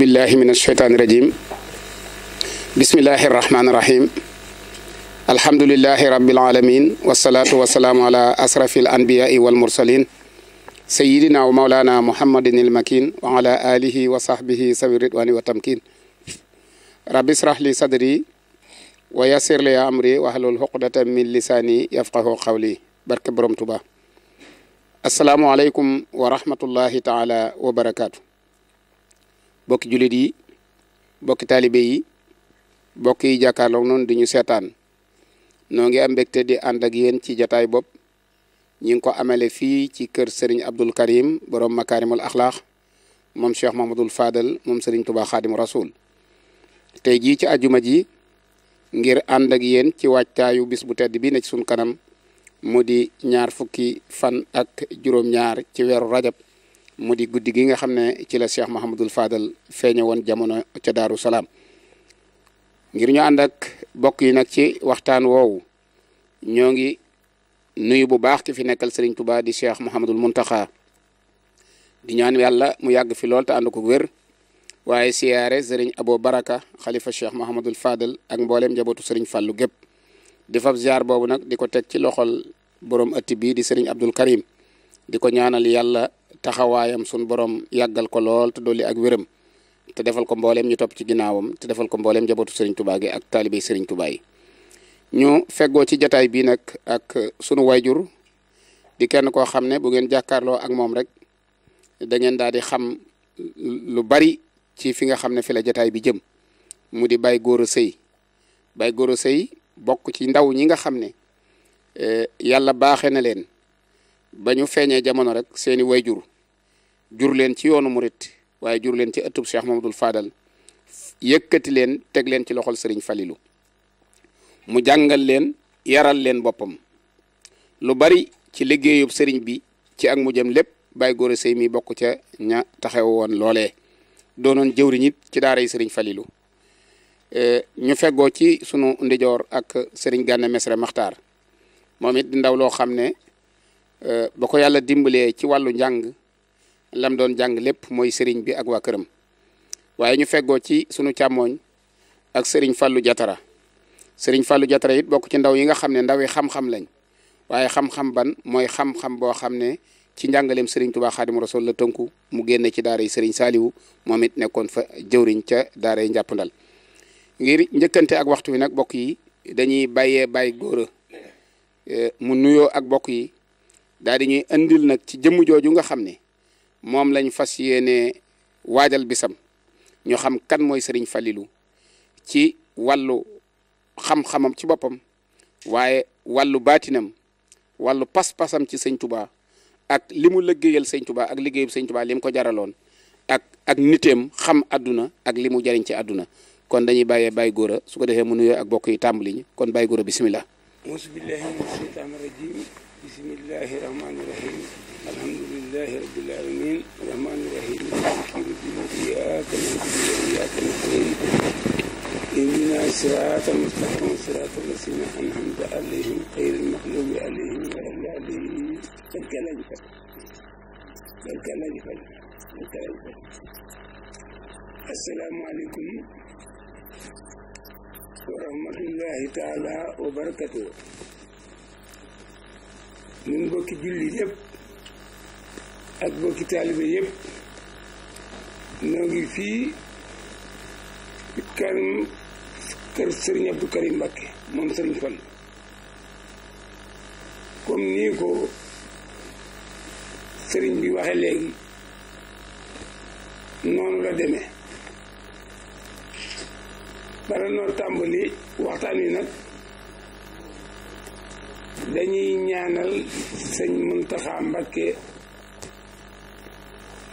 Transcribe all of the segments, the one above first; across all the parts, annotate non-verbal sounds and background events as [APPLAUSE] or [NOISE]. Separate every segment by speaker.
Speaker 1: billahi min asheytaani rajim bismillahi arrahmaani rahim alhamdulilahi rabbil alamin wasalaatu wasalaamu ala asrafi al anbiyai wal mursalin sayidina wa maulana muhammadin il makin wa ala alihi wa sahbihi sawi ridwani wa tamkin rabbi israh li sadri wa yassir li amri wahlul xuqdatan min lisaani yafqahu qawli barke borom tuba asalaamualeykum wa rahmatullahi taala wa barakaatu bokki jullit yi bokki taalibe yi bokk yi jàkkaarloo noonu di ñu seetaan noo ngi am mbégte di ànd ak yéen ci jataay bopp ñi ngi ko amale fii ci kër Serigne Abdul Karim borom makaarimul axlaax moom Cheikh Mahmadul Fadal moom Serigne Touba Xaadim Rasul tey jii ci ajuma ji ngir ànd ak yéen ci waajtaayu bis bu tedd bi ne ci suñ kanam mu di ñaar fukki fan ak juróom-ñaar ci weeru rajab mu di guddi gi nga xam ne ci la Cheikh Mahamadul Fadal feeñe woon jamono ca Daaru Salaam ngir ñu ànd ak bokk yi nag ci waxtaan woowu ñoo ngi nuyu bu baax ki fi nekkal Serigne Touba di Cheikh Mahamadul Muntaxa di ñaan yàlla mu yàgg fi lool te ànd ko wér waaye siyaare Serigne Abo Baraka xalifa Cheikh Mahamadul Fadal ak mbooleem njabootu Serigne Fàllu gépp di fab ziar boobu nag di ko teg ci loxol borom ëtt bii di Serigne Abdul Karim di ko ñaanal yàlla taxawaayam sun borom yàggal ko lool te dolli ak wéram te defal ko mbooleem ñu topp ci ginnaawam te defal ko mbooleem njabootu Serigne Touba gi ak taalibe Serigne Touba yi ñu feggoo ci jataay bii nag ak sunu wayjur di kenn koo xam ne bu ngeen jàkkaarloo ak moom rek da ngeen daal di xam lu bari ci fi nga xam ne fi la jataay bi jëm mu di Baye Gora Seye Baye Gora sey bokk ci ndaw ñi nga xam ne eh, yàlla baaxe na leen ba ñu feeñee jamono rek seeni wayjur jur leen ci yoonu murit waaye jur leen ci ëttub Cheikh Mamadou Fadal yëkkati leen teg leen ci loxol Serigne Falilou mu jàngal leen yaral leen boppam lu bari ci liggéeyub Serigne bi ci ak mu jëm lépp Baye Gora Seye mi bokk ca ña taxaw woon loole doonoon jëwriñ ci daaray Serigne Falilou eh, ñu feggoo ci sunu ndijoor ak Serigne Gana Messere Maxtaar moom it di ndaw loo xam ne eh, ba ko yàlla dimbalee ci wàllu njàng lam doon jàng lépp mooy sëriñ bi ak waa këram waaye ñu feggoo ci sunu càmmooñ ak sëriñ fallu Jatara sëriñ fallu Jatara it bokk ci ndaw yi nga xam ne ndaw yi xam-xam lañ waaye xam-xam ban mooy xam-xam boo xam ne ci njàngaleem sëriñ Tuubaa Xaadimu Rasuul la tënku mu génne ci daara yi sëriñ Saaliwu moom it nekkoon fa jëwriñ ca daara yi njàppandal ngir njëkkante ak waxtu wi nag bokk yi dañuy bàyyee bay góora eh, mu nuyoo ak bokk yi daal di ñuy andil nag ci jëmm jooju nga xam ne moom lañ fas yéene waajal bisam ñoo xam kan mooy sëriñ Falilou ci wàllu xam-xamam ci boppam waaye wàllu baatinam wàllu pas-pasam ci sëñ Touba ak li mu liggéeyal sëñ Touba ak liggéeyub sëñ Touba lim ko jaraloon ak ak niteem xam adduna ak li mu jariñ ci àdduna kon dañuy bàyyee Baye Gora su ko defee mu nuyoo ak bokk yi tàmbali kon Baye Gora bisimilah.
Speaker 2: لله رب العالمين الرحمن الرحيم مالك يوم الدين إياك نعبد وإياك نستعين اهدنا الصراط المستقيم صراط الذين أنعمت عليهم غير المغلوب عليهم ولا الضالين الكلام الكلام الكلام السلام عليكم ورحمة الله تعالى وبركاته من بك جلي ak bokki taalibe yëpp ngi fii kanam kër Serigne Abdou Karim Mbacké moom Serigne Fall bi waxe léegi noonu la deme bara noo waxtaan wi nag dañuy ñaanal sëñ Muntaxa Mbacké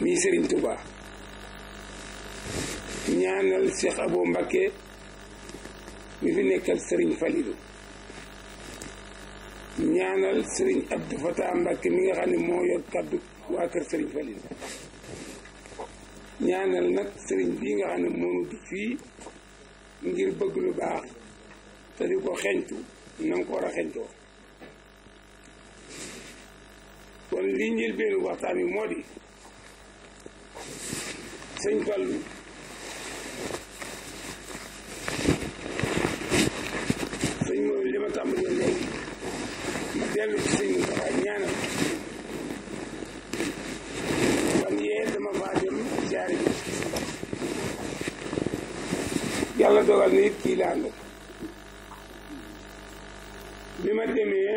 Speaker 2: muy Serigne Touba ñaanal Cheikh Abou Mbacké mi fi nekkal Serigne Falilou ñaanal Serigne Abdou Fatah Mbacké mi nga xam ne moo yor kaddu waa kër Serigne Falilou ñaanal nag sëriñ bii nga xam ne moo di fii ngir bëgg lu baax te ko xeñtu na nga ko war a xeñtoo kon lii njëlbeenu waxtaan wi moo di sëñ Fallu sëñ moom li ma tàmbali woon léegi ma dellu ci sëñ Moustapha ñaanal fan yee dama faa dem jaare bi yàlla dogal na kii laa àndal bi ma demee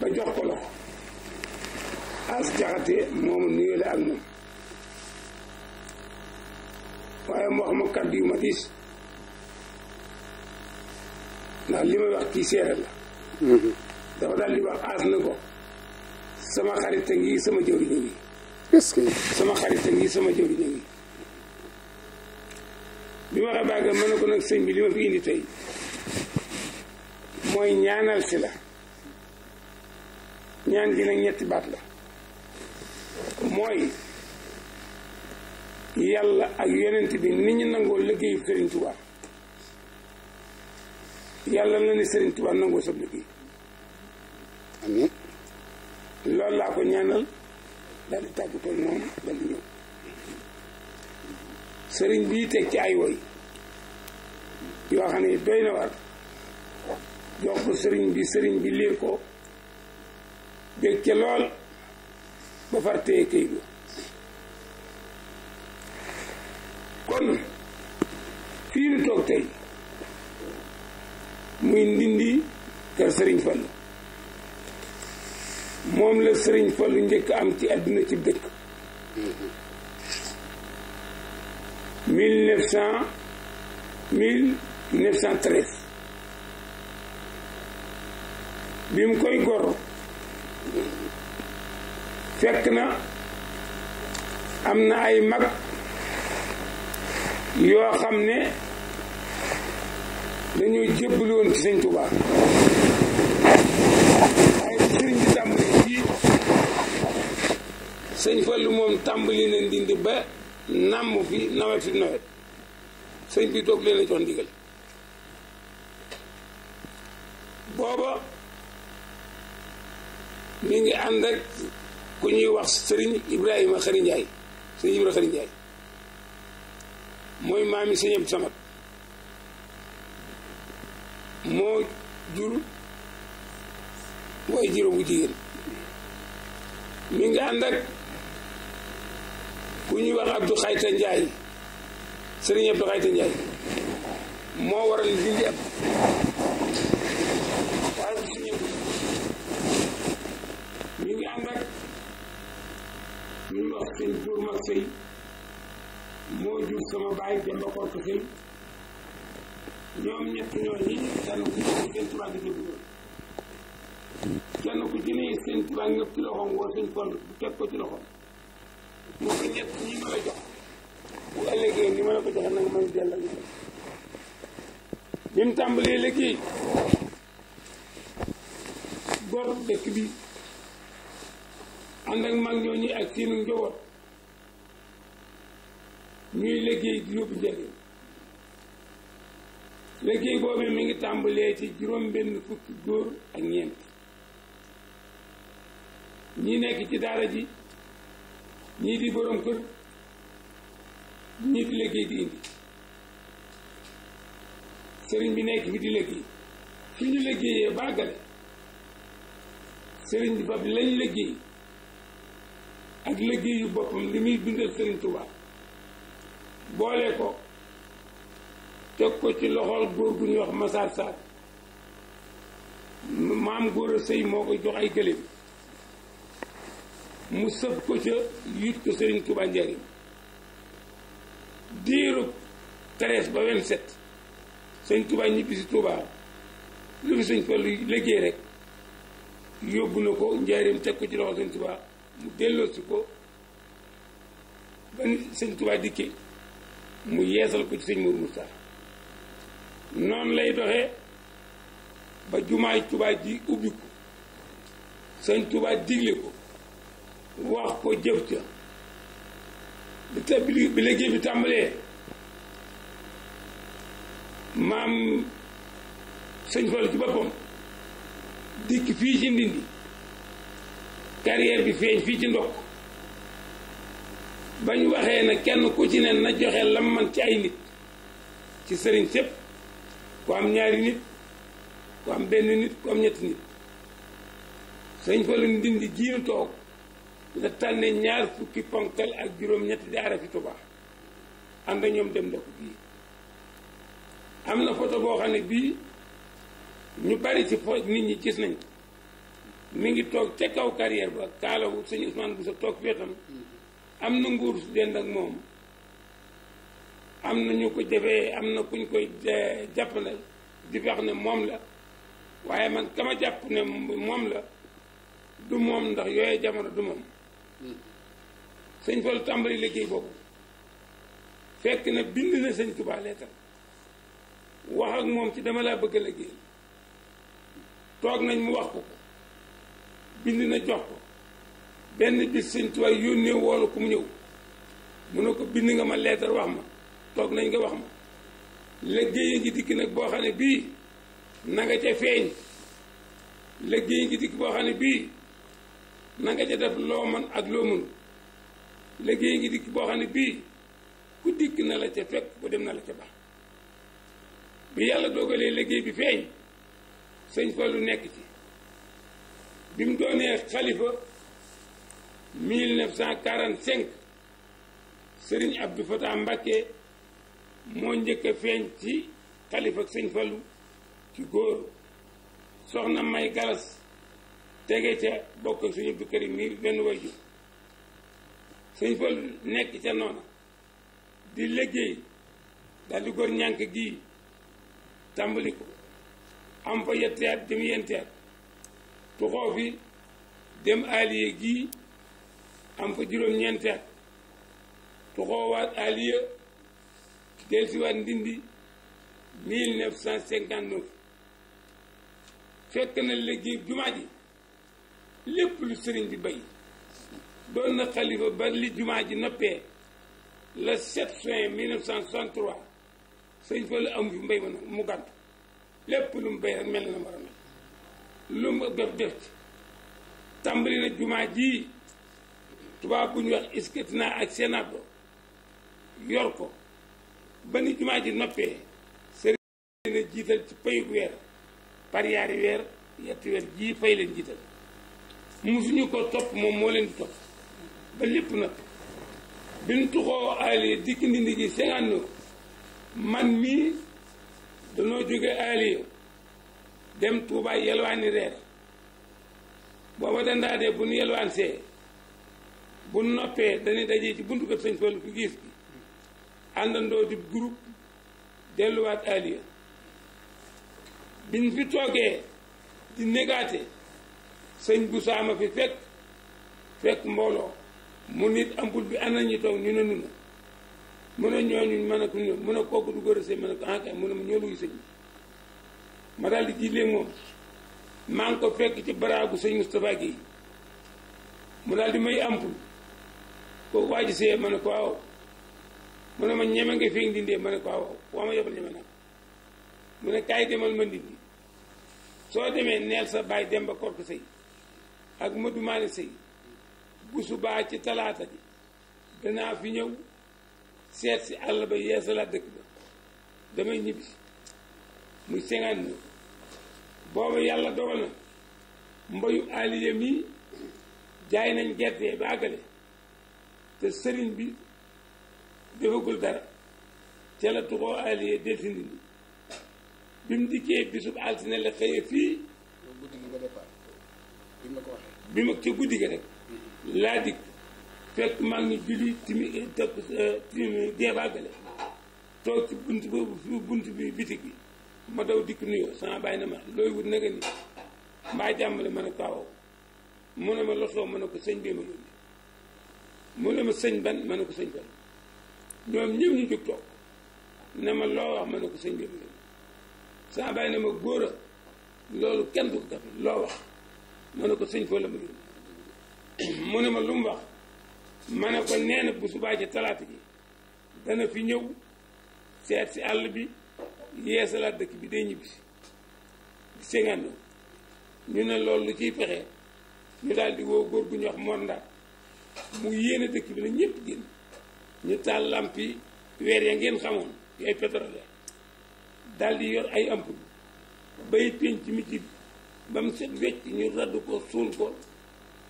Speaker 2: ba jox ko loxo as jaxate moomu nuyoo la ak moom waaye moo wax ma kàddu yu ma diis ndax li may wax kii la dafa daal di wax aas na ko sama xarit ngi sama jëwriñ a ngi est-ce que sama xarit a ngi sama jëwriñ a ngi ma waxee mën na ko nag sëñ bi li ma fi indi tey mooy ñaanal si la ñaan gi nag ñetti baat la mooy yàlla ak yonent bi nit ñu nangoo liggéeyu Sëriñ Tuubaa yàlla na ni Sëriñ Tuubaa nangoo sa liggéey amiin loolu laa ko ñaanal daal di tàggatoo moom daal di ñëw sëriñ bi teg ci ay woy yoo xam ne doy na war jox ko sëriñ bi sëriñ bi liir ko bég ca lool ba far téye këy kon fii ñu toog tey muy ndindi kër Serigne Fallou moom la Serigne Fallou njëkk am ci àddina ci dëkk bi mu koy gor fekk na am na ay mag yoo xam ne dañuy jébbalu woon ci sëñ Tuubaa waaye sëriñ bi moom tàmbali na ndindi ba nàmm fi nawet fi nawet sëñ bi toog leen a jox ndigal booba mi ngi ànd ak ku ñuy wax sëriñ Ibrahima Xari Njaay sëriñ Ibrahima Xari mooy maami sëñ Abdou Samad moo jur way juró bu jigéen mi ngi ànd ak ku ñuy wax Abdou Xayta Njaay sëriñ Abdou Xayta Njaay moo waral dindi ab waaye ngi ànd ak ñu wax sëñ Buur Mag Sëy moo jur sama baay Demba Korka Sëy ñoom ñett ñooñu kenn seen tubaab di déglu seen tubaab bu teg ko ci loxoom moo ko ñett ñi ma la jox bu ëllëgee ni ma la ko joxe nag man delloo ñu def bi mu tàmbalee liggéey gor dëkk bi ànd ak mag ñooñu ak seenu njaboot ñuy liggéey di yóbbu njëriñ
Speaker 1: liggéey boobu mi ngi tàmbalee
Speaker 2: ci juróom benn fukki góor ak ñeent ñi nekk ci daara ji ñii di borom kër ñii di liggéey di indi sëriñ bi nekk fi di liggéey fi ñu liggéeyee bàggale sëriñ bi fab lañ liggéey ak liggéeyu boppam li muy dundal sëriñ Tuubaa boole ko teg ko ci loxool góor gu ñuy wax Massar Sarr maam góor a sëy moo ko jox ay gëléem mu sëb ko ca yit ko Serigne Touba Njariñ diiru treize ba vingt set sëñ Touba ñibbi si Touba lu fi sëñ fa lu yóbbu na ko njaareem teg ci loxo sëñ Touba mu delloosi ko ba sëñ Touba dikkee mu yeesal ko ci sëñ Mourou Moussa noonu lay doxe ba jumaay Tuubaa ji ubbi ko sëñ Tuubaa digle ko wax ko jëf ca bi te bi liggéey bi tàmbalee maam sëñ Fall ci boppam dikk fii ci ndindi carrière bi feeñ fii ci ndokk bañ waxee ne kenn ku ci ne na joxe lam man ci ay nit ci sëriñ sépp ku am ñaari nit ku am benn nit ku am ñetti nit sëriñ Fallu Ndindi jiinu toog la tànne ñaar fukki ponkal ak juróom-ñetti daara fi Tuubaa ànd ñoom dem ndox bii am na foto boo xam ne bii ñu bari ci fo nit ñi gis nañ mi ngi toog ca kaw carrière ba kaalawu sëñ Ousmane bu sa toog wetam am na nguur su dend ak moom am na ñu ko jëfee am na kuñ koy eh, jàppale di wax ne moom la waaye man kama jàpp ne moom la du moom ndax yooye jamono du moom sëñ Fallu tàmbali liggéey boobu fekk na bind na sëñ Tuubaa leetar wax ak moom ci dama laa bëgg a liggéey toog nañ mu wax ko ko bind na jox ko benn bis sëñ Tuubaa yónnee woolu ku mu ñëw mu ne ko bind nga ma leetar wax ma toog nañ nga wax ma liggéey ngi dikk nag boo xam ne bii na nga ca feeñ léggéey ngi dikk boo xam ne bii na nga ca def loo man ak loo mënu liggéey ngi dikk boo xam ne bii ku dikk na la ca fekk bu dem na la ca baax bi yàlla doogalee liggéey bi feeñ sëñ Fallu nekk ci bi mu doonee xalifa 1945 Serigne Abdou Fatah Mbacké moo njëkk a feeñ ci xalifa sëñ Fallu ci góor soxna May Galas tege ca bokk suñu Abdou Karim mi benn sëñ Fallu nekk ca noona di liggéey daal di gor ñànk tàmbali ko am fa yetti at dem yenti at dem allié gii am fa juróom-ñeenti at tuxoowaat aliya delsiwaat ndindi 1959 fekk na liggéey jumaa ji lépp lu sëriñ bi bay doon na xalifa ba li jumaa ji noppee le 7 juin 1963 sëñ fa la am fi mbay ma mu gàtt lépp lu mu bay rek mel na ma mel lu mu def def ci tàmbali na jumaa jii tubaab bu ñuy wax na ak sénat yor ko ba ni jumaa ji noppee sëriñ na jiital ci payug weer par weer yetti weer jii fay leen jiital musuñu ko topp moom moo leen di topp ba lépp nag bi nu tuxoo aaliye dikk ndi ndigi cinquante man mii danoo jóge aaliye dem Tuubaa yelwaani reer booba dandaa dee bu nu yelwaan see bu noppee dañuy dajee ci buntu kër sëñ Fallu ku gis bi àndandoo di groupe delluwaat aliya biñ fi toogee di négaate sëñ bu saama fi fekk fekk mbooloo mu nit ampul bi ana ñi toog ñu ne nu na mun a ñooñu mën a ku ñëw du góor a sëñ a ko ankay ah mun a mu ñoo luy sëñ ma daal di jilee moom maa ko fekk ci baraagu sëñ Moustapha Guèye mu daal may ampul ko waa ji see ma ne ko waaw mu ne ma ñeme nga fi ndindee ma ne ko waaw waaw ma yebal ñeme naa mu ne kaay demal ma ndindi soo demee neel sa baay dem ba kork sëy ak Modou Mané sëy bu subaa ci talaata ji danaa fi ñëw seet si àll ba yeesalaat dëkk ba damay ñibbi muy cinquante neuf booba yàlla dogal na mbayu aliya mi jaay nañ gerte ba àggale te sëriñ bi defagul dara ca la tuxoo aliyee delfini bi bi mu dikkee bisub altine la xëyee fii bi ma ca guddi ga rek laa dikk fekk maa ngi julli timi eh, takk eh, timi jeebaagale toog ci bunt boobu bunt bi bitig bi ma daw dikk nuyoo sama bàyyi na ma looy wut naka ni mbaa jàmmale ma ne kaaw mu ne ma losoo ma ne ko sëñ bee ma yónni mu ne ma sëñ ban ma ne ko sëñ ban ñoom ñëpp ñu jóg ne ma loo wax ma ne ko sëñ bi ko def ma ne [CLEARS THROAT] mu ne ma lu wax ma ne ko nee bu subaa ci talaata ji dana fi ñëw seet si àll bi yeesalaat dëkk bi day ñibbi di sengando ñu ne loolu lu ciy pexe ñu daldi woo góor gu ñu wax Mor mu yéene dëkk bi nañ ñëpp génn ñu taal weer ya ngeen xamoon di ay pétrole daal yor ay ampoule bay pénc mi ci ba mu set wecc ñu radd ko suul ko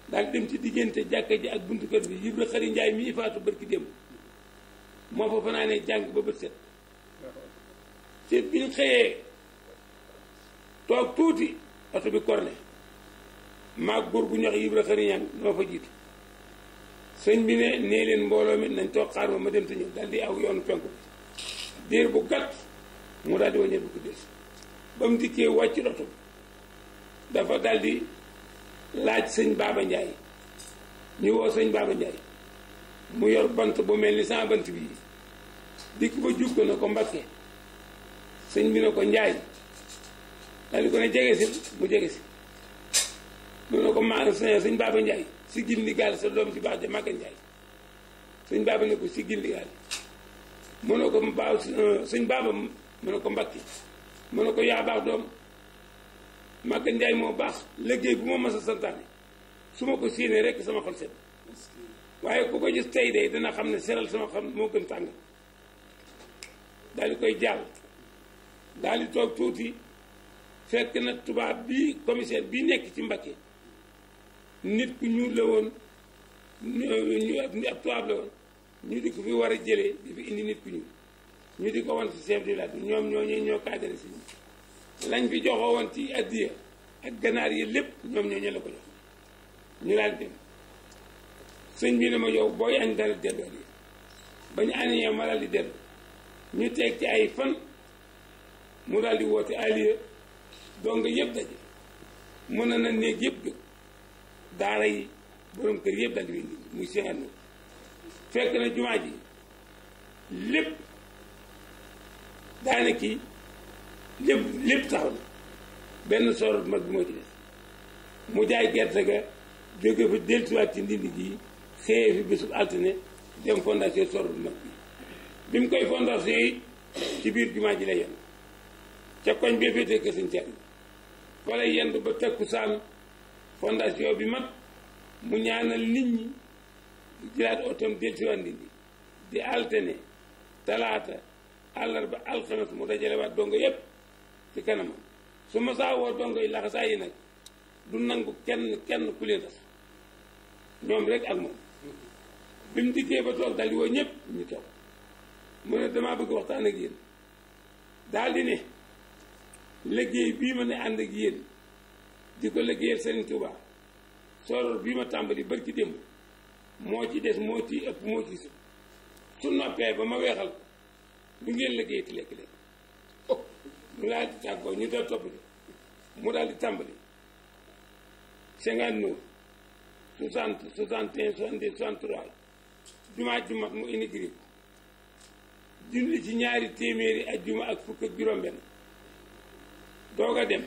Speaker 2: daal dem ci diggante jàkka ji ak buntu kër bi Ibra Xari Njaay mi faatu barki démb moo fa fanaanee jàng ba bët set set bi ñu xëyee toog tuuti oto bi korne maag góor gu ñox Ibra Xari Ñang fa jiitu sëñ bi ne nee leen mbooloo mi nañ toog xaar ma ma dem te ñëw daal di aw yoonu penku diir bu gàtt mu daal di waññeeku bu ba mu dikkee wàcc oto dafa daldi laaj sëñ Baaba Njaay ñu woo sëñ Baaba Njaay mu yor bant bu mel ni sans bant bii dikk ba jug ko na ko Mbàkke sëñ bi ne ko Njaay daal ko ne jege si mu jege si mu ne ko maa sëñ Baaba Njaay siggil ndigal sa doom ci baax ja Màgga Njaay sëñ baaba ne ko siggil ndigal mu ne ko baaw euh, sëñ baaba mu ne ko mbakki mu ne ko yaa baax doom Màgga Njaay moo baax liggéey bu ma mas a santaane su ma ko siinee rek sama xol set waaye ku ko gis tey day dana xam ne seral sama xam moo gën tàng daal di koy jàll daal di toog tuuti fekk na tubaab bi commissaire bii nekk ci Mbakke nit ku ñuul la woon ñu ñu di ko fi war a jële di indi nit ku ñuul ñu di ko wan si chef de village bi ñoom ñoo ñoo ñoo cadré si lañ fi joxoo woon ci addiya ak ganaar yi lépp ñoom ñoo ñe ko ñu daal dem sëñ bi ne ma yow booy añ dara delloo di ba ñu teg ci ay fan mu daldi di woote alieu donc yëpp daje mën na na néeg yëpp jóg daara yi borom kër yëpp daal di leen muy Cheikh Anta fekk na jumaa ji lépp daana kii lépp lépp taxaw benn soorot mag bi mu jaay gerte ga jóge fa dellusiwaat ci ndindi gi xëyee fi bésub altine dem fondation soorot mag bi bi mu koy fondation ci biir jumaa ji la yenn ca koñ bee féetee kër sëñ Thierno fa yenn ba takkusaan fondation bi mat mu ñaanal nit ñi di jëlaat otom delsiwaat nit ñi di altene talaata àllarba alxames mu dajalewaat dongo yépp ci kanamam su ma saa dongo yi laxasaa yi nag du nangu kenn kenn ku leen tas ñoom rek ak moom bi mu dikkee ba toog daal di woo mu ne damaa bëgg waxtaan ak yéen daal ne liggéey bii ma ne ànd ak yéen di ko liggéeyal Serigne Touba soror bi ma tàmbali barki démb moo ci des moo ci ëpp moo ci su noppee ba ma weexal ko bu ngeen liggéey ti lekk leen mu daal di tàggoo ñu dal topp mu daal di tàmbali cinquante neuf soixante soixante un soixante deux soixante trois jumaa ju mat mu inigré ko junni ci ñaari téeméeri ajjuma ak fukk ak juróom-benn doog a dem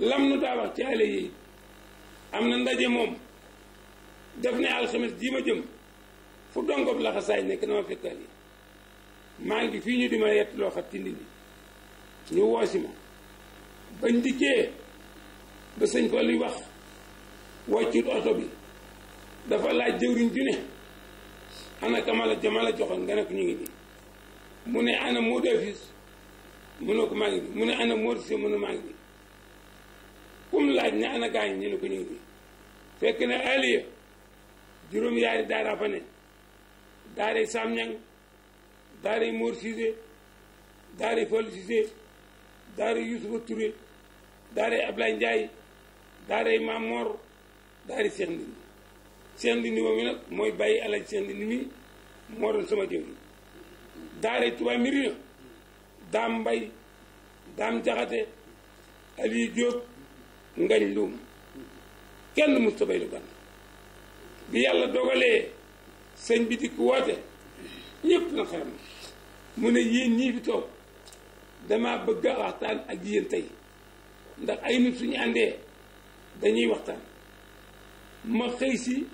Speaker 2: lam nu daa wax ci ale yi am na ndaje moom def ne alxames ji ma jëm fu dongob laxasaay nekk na fekkal yi maa ngi fii ñu di ma yett loo xam ci nit ñu woosi ma bañ dikkee ba sëñ fa luy wax wàccut oto bi dafa laaj jëwriñ ju ne ana kamala la joxoon nga ne ko ñu ngi nii mu ne ana moo defis mu ne ko maa ngi mu ne ana moo defis mu ne maa ngi nii kum laaj ne ana gaañ ñu ne ko ñu ngi nii fekk ne aliya juróom yaari daara fa ne daaray Sam Ñang daaray Mor Cissé daaray Fall Cissé daaray Youssoufa Touré daaray Ablaye Ndiaye daaray Maam Mor daaray Cheikh Ndindi Cheikh Ndindi moom nag mi moo doon sama jëw daaray Touba Mirina daam Mbay daam Jaxate Aliou Diop ngañ luum kenn musta bay lu gan bi yàlla dogalee sëñ bi dikk woote na xeram mu ne yéen ñii fi toog dama bëgg a waxtaan ak yéen tey ndax ay nit suñu àndee dañuy waxtaan ma xëy si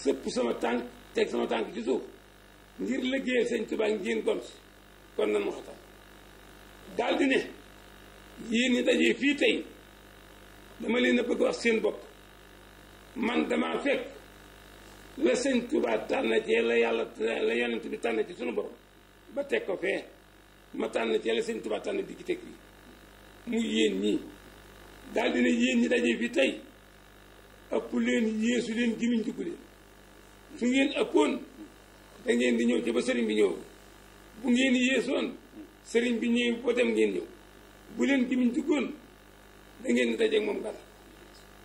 Speaker 2: sëpp sama tànk teg sama tànk ci suuf ngir liggéeyal sëñ Tuubaa ngeen gont kon nan waxtaan daal ne yéen ñi dajee fii tey dama leen a bëgg wax seen bopp man damaa fekk la sëñ Tuubaa tànn ci la yàlla la yonent bi tànn ci sunu borom ba teg ko fee ma tànn ci la sëñ Tuubaa tànn di teg bi mu yéen ñii daal dina yéen ñi daje fi tey ëpp leen yéesu leen gimiñ dugg leen su ngeen ëppoon da di ñëw ci ba sëriñ bi ñëw bu ngeen yéesoon sëriñ bi ñëw ba dem ngeen ñëw bu leen gimiñ duggoon da ngeen di dajeeg moom dara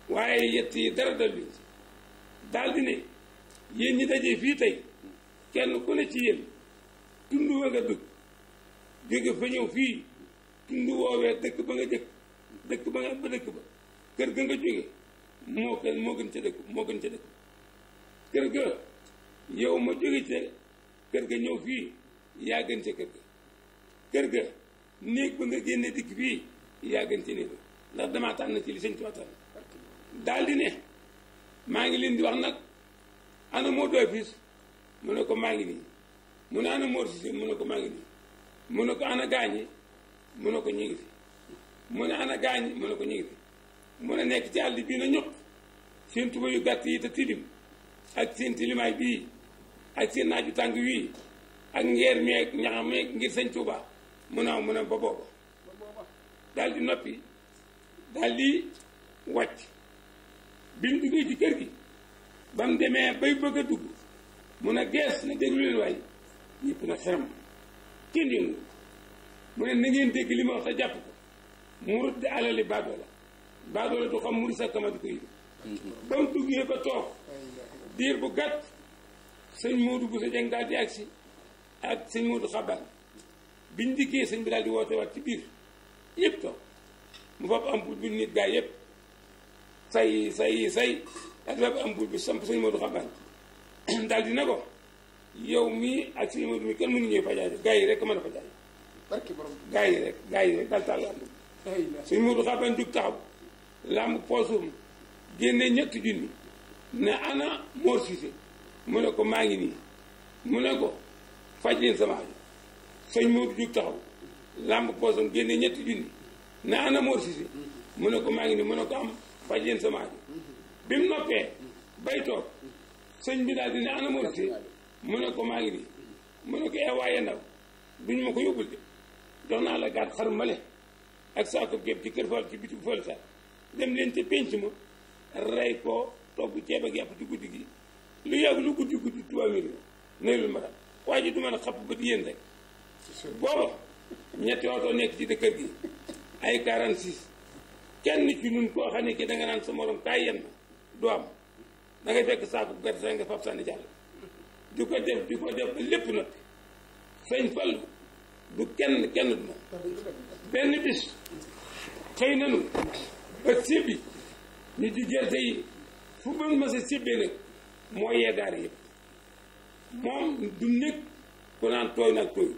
Speaker 2: waaye yett yi dara dal leen ci daal di ñi dajee fii tey kenn ku ne ci yéen tund wa nga dëkk jóge fa ñëw fii tund woowee dëkk ba nga jóge moo gën moo gën ca dëkk moo gën ca dëkk kër ga yow ma jóge ca kër ga ñëw fii yaa gën ca kër ga kër ga néeg ba nga génne dikk fii yaa ca néeg ndax damaa tànn ci li sëñ Tuubaa tànn daal di ne maa ngi leen di wax nag ana moo doy piis mu ne ko maa ngi nii mu ne ana Mor Cissé mu ne ko maa ngi nii mu ne ko ana gaañi mu ne ko ñu ngi fi mu ne ana gaañi mu ne ko ñu ngi fi mu nekk ci àll bii na ñoq seen tuba yu gàtt yi te tilim ak seen tilimaay bii ak seen naaju tàng wii ak ngeer meeg ñaxam meeg ngir sëñ Tuubaa mu ne am mu ne ba booba daal di noppi daal di wàcc bi mu duggee ci kër gi ba mu demee bay bëgg a dugg mun a gees na déglu leen waay ñëpp na xaram kenn yëngu mu ne na ngeen dégg li ma wax sa jàpp ko murut di alali baadoo la baadoo du xam muri sa kama di ko yëg ba mu duggee ba toog diir bu gàtt sëñ Moodu bu sa jàng daal agsi ak sëñ Moodu xabaar biñ dikkee sëñ bi daal di woote ci biir yëpp ko mu fab ampoule bi nit gaa yëpp say say say daal di fab ampoule bi samp sëñ Modou Xaban [CLEARS THROAT] daal di ne ko yow mii ak sëñ Modou mii kenn mënu ñëw fajaaje gaa yi rek mën a fajaaje barki borom gaa yi rek gaa yi rek daal taal ampoule sëñ Modou mu ne ko maa ngi nii mu ne ko faj leen jug taxaw lamb poosum génne ñetti junni ne ana Mor Cissé mu ne ko maa ngi nii mu ne ko am faj leen sama aajo bi mu noppee bay toog sëñ bi daal di ne ana Mor Cissé mu ne ko maa ngi nii mu ne ko eh waaye ndaw duñ ma ko yóbbul de jox naa la gàtt xar ak saako gépp ci kër Fall ci bitim Fall sax dem leen te penc ma rey ko togg ceeb ak yàpp ci guddi gi lu yàgg lu guddi guddi tubaab yi néewlu ma daal waa ji du mën a xapp ba di rek booba ñetti oto nekk ci dëkkër gi ay 46 kenn ci ñun koo xam ne ki da naan sa morom kaay yenn du am da ngay fekk saako gerte rek nga fab sànni jàll di ko def di ko def ba lépp nag sëñ Fall du kenn kenn du moom benn bis xëy nanu ba sibbi ñu di gerte yi fu bën ma sa sibbee nag moo yee daara moom du nekk ku naan tooy nag tooy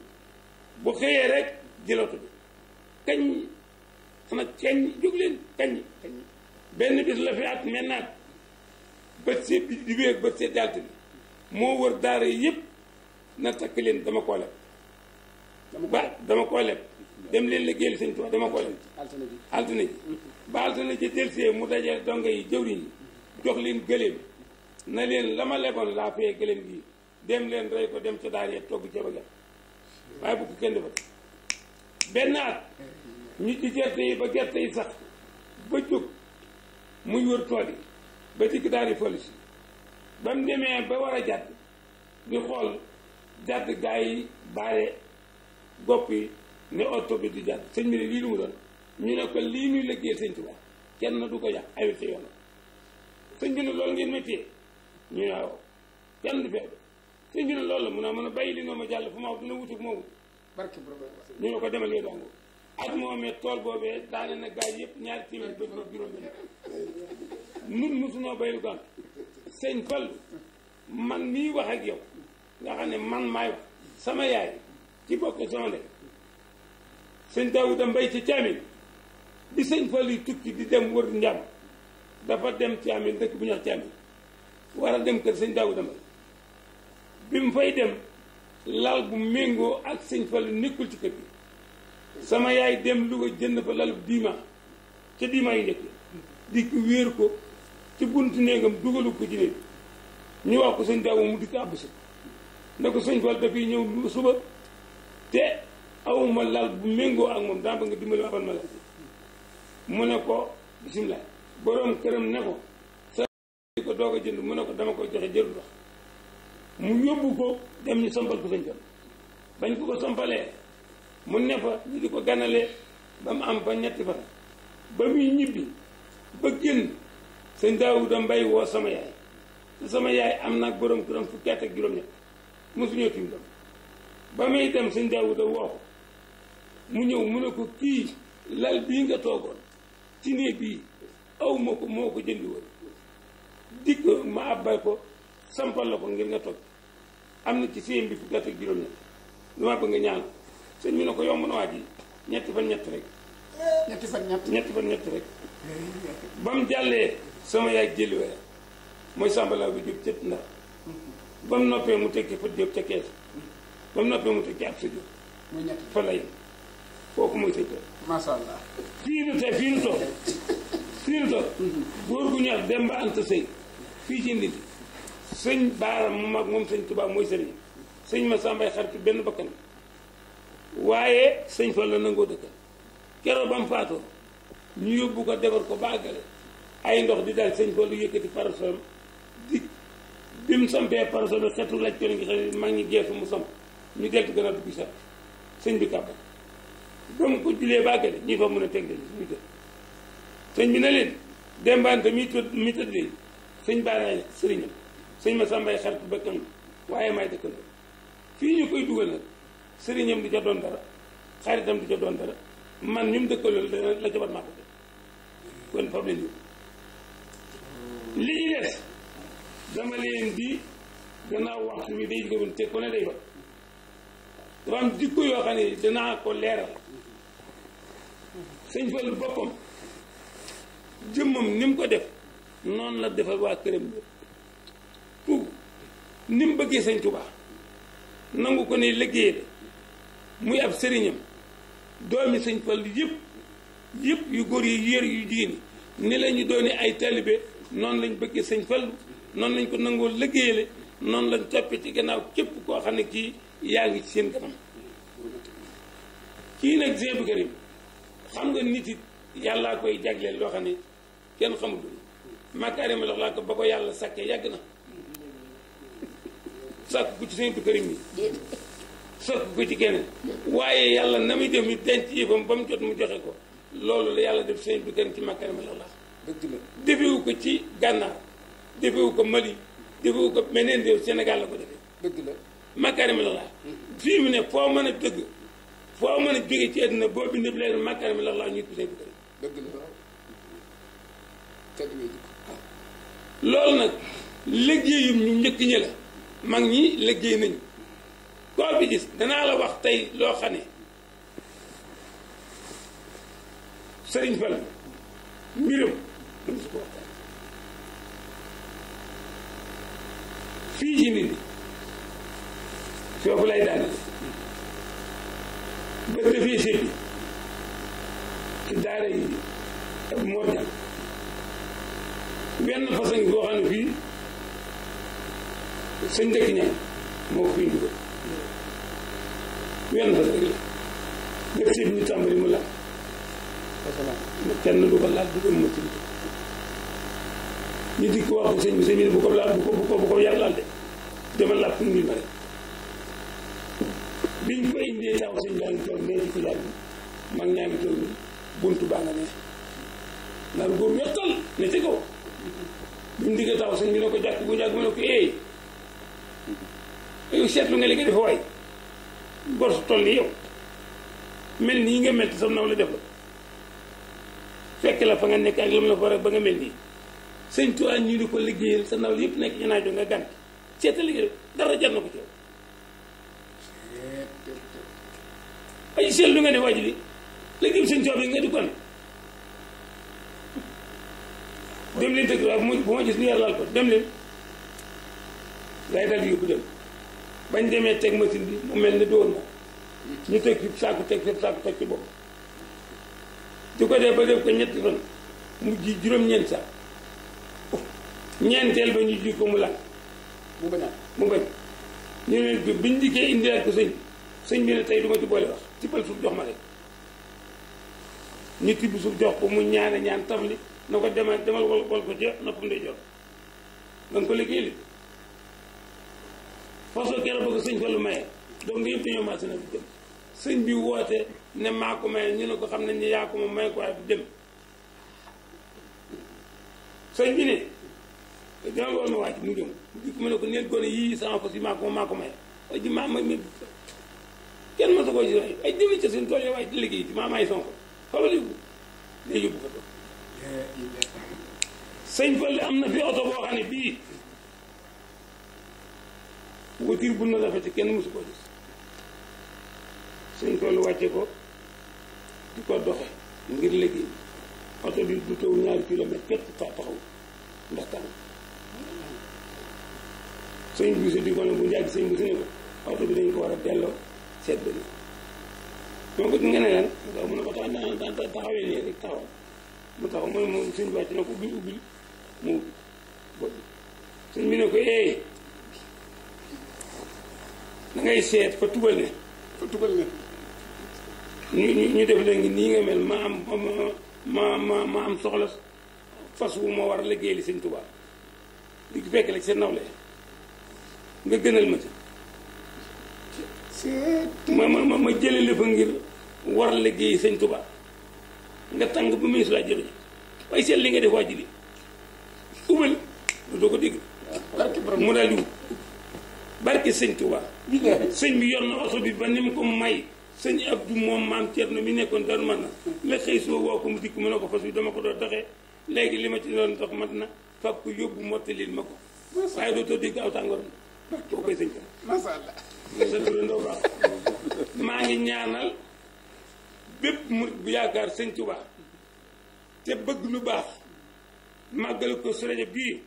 Speaker 2: bu xëyee rek jëlatu bi kañ ana kañ jóg leen kañ kañ benn bis la fi at mennaat bët seet bi di wéeg bët seet jàlt yëpp na takk leen dama dama ko dama koo leb dem leen liggéeyal sëñ Tuubaa dama koo altine ji ba altine ji delsee mu dajale donga yi jëwriñ yi jox leen gëléem na leen la ma leboon laa fee gëléem gi dem leen rey ko dem ca daar ya togg ceeb ak waaye bu ko kenn defal benn at ñu ji gerte yi ba gerte yi sax ba jóg muy wër tool yi ba dikk daal di polis ba mu demee ba war a jàdd di xool jàdd gaa yi baale bopp ne oto bi di jàdd sëñ bi ne lii lu mu doon ñu ne ko lii ñuy liggéey sëñ Tuubaa kenn du ko yàq ayut ci yoon sëñ bi ne loolu ngeen sëñ bi ne loolu mun a mën a bàyyi li noo ma jàll fu ma dina wutuk moo wut ñu ne ko demal yow dàngoo ak moomee tool boobee daane na gaay yëpp ñaari téeméer ba juróom benn nun mosunoo béylu gànt sëñ Fallu man mii wax ak yow nga xam ne man maay wax sama yaay ci bokk sonde sëñ Daawuda Mbay ci caamin bi sëñ Fallu yi tukki di dem wër njàmm dafa dem caamin dëkk bu ñu wax caamin war a dem kër sëñ Daawuda Mbay bi mu fay dem lal bu méngoo ak sëñ Fallu nekkul ci kër bi sama yaay dem lu ko jënd fa lalu diima ca diima yi njëkk dikk wéer ko ci buntu néegam dugalu ko ci néeg ñu wax ko sëñ daawu mu dikk àbb si ne ko sëñ Fall dafay ñëw suba te awuma lal bu méngoo ak moom daa nga dimbali abal ma ne ko bisimilah borom këram ne ko sa ko doog jënd mu ne ko dama ko joxe jëru dox mu yóbbu ko dem ñu sampal ko sëñ Fall bañ ko ko sampalee mu ne fa ñu di ko ganale ba mu am fa ñetti fan ba muy ñibbi ba génn sëñ Daawuda Mbay woo sama yaay te sama yaay am nag borom këram fukki at ak juróom-ñett mosuñoo tim dem ba may dem sëñ Daawuda woo ko mu ñëw mu ne ko kii lal bii nga toogoon ci néeg bii aw ko moo ko jëndi woon dikk ma abbay ko sampal la ko ngir nga toog am na ci séen bi fukki at ak juróom-ñett dama bëgg nga ñaan ko sëñ bi ne ko yomb na waa ji ñetti fan ñett rek. ñetti fan ñett ñetti fan ñett rek. ba mu jàllee sama yaay jëli weer mooy sàmbalaaw bi jóg cët ndax mm-hmm. ba mu noppee mu tekki fa jóg ca kees mm-hmm. ba mu noppee mu tekki ab sa jóg. muy ñett fa la yem kooku muy tëj. macha fii nu fii nu toog fii nu toog. Mm-hmm. góor gu ñor dem ba Anta Sëy fii ci nit sëñ Baara mu mag moom sëñ Tuubaa mooy sëriñ sëñ ma sàmbay xarit benn bakkan. waaye sëñ Fall la nangoo dëkkal keroog ba mu faatoo ñu yóbbu ko defar ko baagale ay ndox di daal sëñ Fall yëkkati parasol di bi mu sampee parasol xetu laaj ko ngi xam geesu mu samp ñu deltu gën a dugg sax sëñ bi kàbbal ba mu ko julee baagale ñii fa mën a teg leen ñu tëdd sëñ bi ne leen dembaante mi tëdd mi tëdd leen sëñ baanaay sëriñam sëñ ma sàmbaay xaritu bëkkam waaye may dëkkal fii ñu koy dugal nag sëriñam di ca doon dara xaritam di ca dara man ñu mu dëkkalool la jabar maa ko def kon problème yi li ñu dama leen di gannaaw waxtu mi day gërëm te ku ne day wax dafa am jikko yoo xam ne danaa ko leeral sëñ Fallu boppam jëmmam ni mu ko def noonu la defal waa këram yëpp pour ni mu bëggee sëñ Tuubaa nangu ko ne liggéey la muy ab sëriñam doomi sëñ Fallu yëpp yëpp yu góor yi yër yu jigéen yi ni lañu dooni ay taalibe noonu lañ bëggee sëñ Fallu noonu lañ ko nangoo liggéeyale noonu lañ toppee ci gannaaw képp koo xam yaa ngi ci seen kanam kii nag Sëñ Karim nga nit it yàllaa koy jagleel loo xam ne kenn xamutul makaarima lox laa ko ba ko yàlla sàkkee yàgg na sàkk ku ci Sëñ Karim yi sokk ko ci keneen waaye yàlla na muy dem denc yëfam ba mu jot mu joxe ko loolu la yàlla def sëñ bi gën ci makkarim la dëgg la defewu ko ci gànnaar defewu ko Mali defewu ko la ko defee dëgg fii mu ne foo mën a dëgg foo mën a jóge ci àdduna boo bindee leer makkarim la ñu ko sëñ bi dëgg la loolu nag liggéeyum ñu njëkk ñi la mag ñi liggéey nañu koo bi gis danaa la wax tey loo xam ne sëriñ fa la mbiram dama su ko waxtaan fii ci nit ñi foofu lay yi ak moo jàng benn façon fii sa njëkk ñaan moo
Speaker 1: wenn ba bëri def ci ñu tàmbali mu laal
Speaker 2: kenn du ko laal du ko mu tilim ñu dikk wax ko sëñ bi sëñ bi bu ko laal bu ko bu ko bu laal de dama laal pour ngi toog nee bi mag ñaa ngi taw sëñ bi ne ko jàkk bu jàkk mu ne ko eey eh. yow seetlu nga li nga def gor su toll yow mel nii nga mel sam naw la def la fekk la fa nga nekk ak lam la fa war ba nga mel nii sëñ Tuubaa ñu di ko liggéeyal sa naw la yëpp nekk ñanaajo nga gànt seeta liggéey dara jar na ko ci yow ay seetlu nga ne waa ji li liggéey sëñ Tuubaa bi nga di ko dem leen dëgg waaw bu ma gis lu yàlla laal ko dem leen laay daal di dem bañ demee teg machine bi mu mel ni dóor na ñu teg ci saaku teg ci saaku teg ci bopp di ko def ba def ko ñetti fan mu ji juróom-ñeent sax ñeenteel ba ñu ji ko mu lànk mu bañ mu bañ bi biñ dikkee indilaat ko sëñ sëñ bi ne tey du ma ci boole wax tibbal suuf jox ma rek ñu tibb suuf jox ko mu ñaane ñaan tabli na ko demal demal wol wol ko jeex noppam day jox da nga ko liggéey li façon kenn bëgg sëñ Fallu maye donc nga yëpp dañoo maase na du dem sëñ bi woote ne maa maye ñu ne ko xam nañ ne yaa ko ma may ko waaye du dem sëñ bi ne dama war ma wàcc mu dem mu ne ko neen gone yii sama fas yi maa ko maa maye waaye ji ma ma kenn ma sa koo gis ay jëli ca seen tool yi waaye di liggéey maa maay sonko faba ligu day yóbbu ko sëñ Fallu am na fi oto boo xam ne bii wutir bu na rafete kenn mosu koo gis sëñ toolu wàcce ko di ko doxe ngir liggéey oto bi du taw ñaari kilomètre képp taxaw ndax tàng sëñ buuse di ko ne bu njàgg sëñ buuse ne ko oto bi ko war a delloo seet ba nii moo ko ne tax mu taxaw wàcc na ko ubbil ubbil mu ubbi bi ne ko eh da seet fa tugal ne fa tugal ne ñu ñu def léegi nii nga mel ma am ma ma ma am soxla fas wu ma war a liggéey li sëñ Tuubaa di fekk la ci nawle nga gënal ma ca ma ma ma jële fa ngir war a liggéey sëñ Tuubaa nga tàng ba muy laa jëriñ waaye seet li nga def waa ji li ubal doo ko dégg mu daal di barke sëñ Tuubaa sëñ bi yor na oto bi ba ni mu ko may sëñ ak Abdou moom maam Thierno bi nekkoon dar man na la xëy soo woo ko mu dikk mu ne ko fas wi dama ko doon doxee léegi li ma ci doon dox man na fab ko yóbbu mottalil ma ko waaye dootoo dégg aw tàngooram boo koy sëñ ko maa ngi ñaanal bépp murit bu yaakaar sëñ Tuubaa te bëgg lu baax màggal ko su rajo bii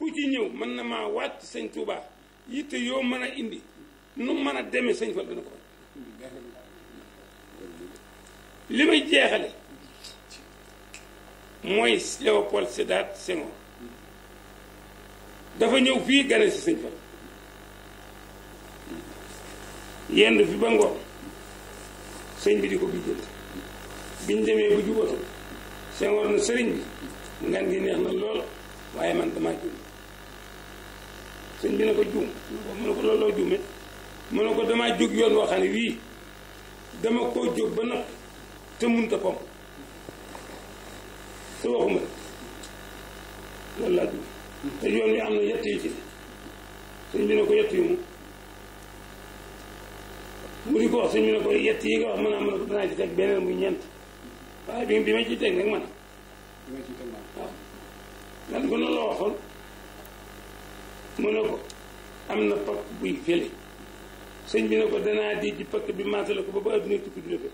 Speaker 2: ku ci ñëw mën na maa wàcc sëñ Tuubaa yitte yoo mën a indi nu mën a deme sëñ Fall dana li may jeexale mooy Léopold Sédar Senghor dafa ñëw fii gane si sëñ Fall yenn fi ba ngoon sëñ bi di ko bijjël biñ demee bu jubatoo Senghor na sëriñ bi ngan gi neex na lool waaye man damaa juum sëñ bi na ko juum mu ne ko looloo juume mën na ko damaa jóg yoon woo xam ne wii dama koo jóg ba noppi te mënut a pomp te waxuma loolu laa te yoon wi am na yett yu ci bi ne ko yett yu mu mu di ko wax sëñ bi ne ko yett yi nga wax mën naa mën a ko danaa ci teg beneen muy ñeent waaye bi ma ci teg nag man waaw ko noonu la waxoon mu ne ko am na pap buy fële sëñ bi ne ko danaa di ji pakk bi maasale ko ba ba adduna tukki du la bët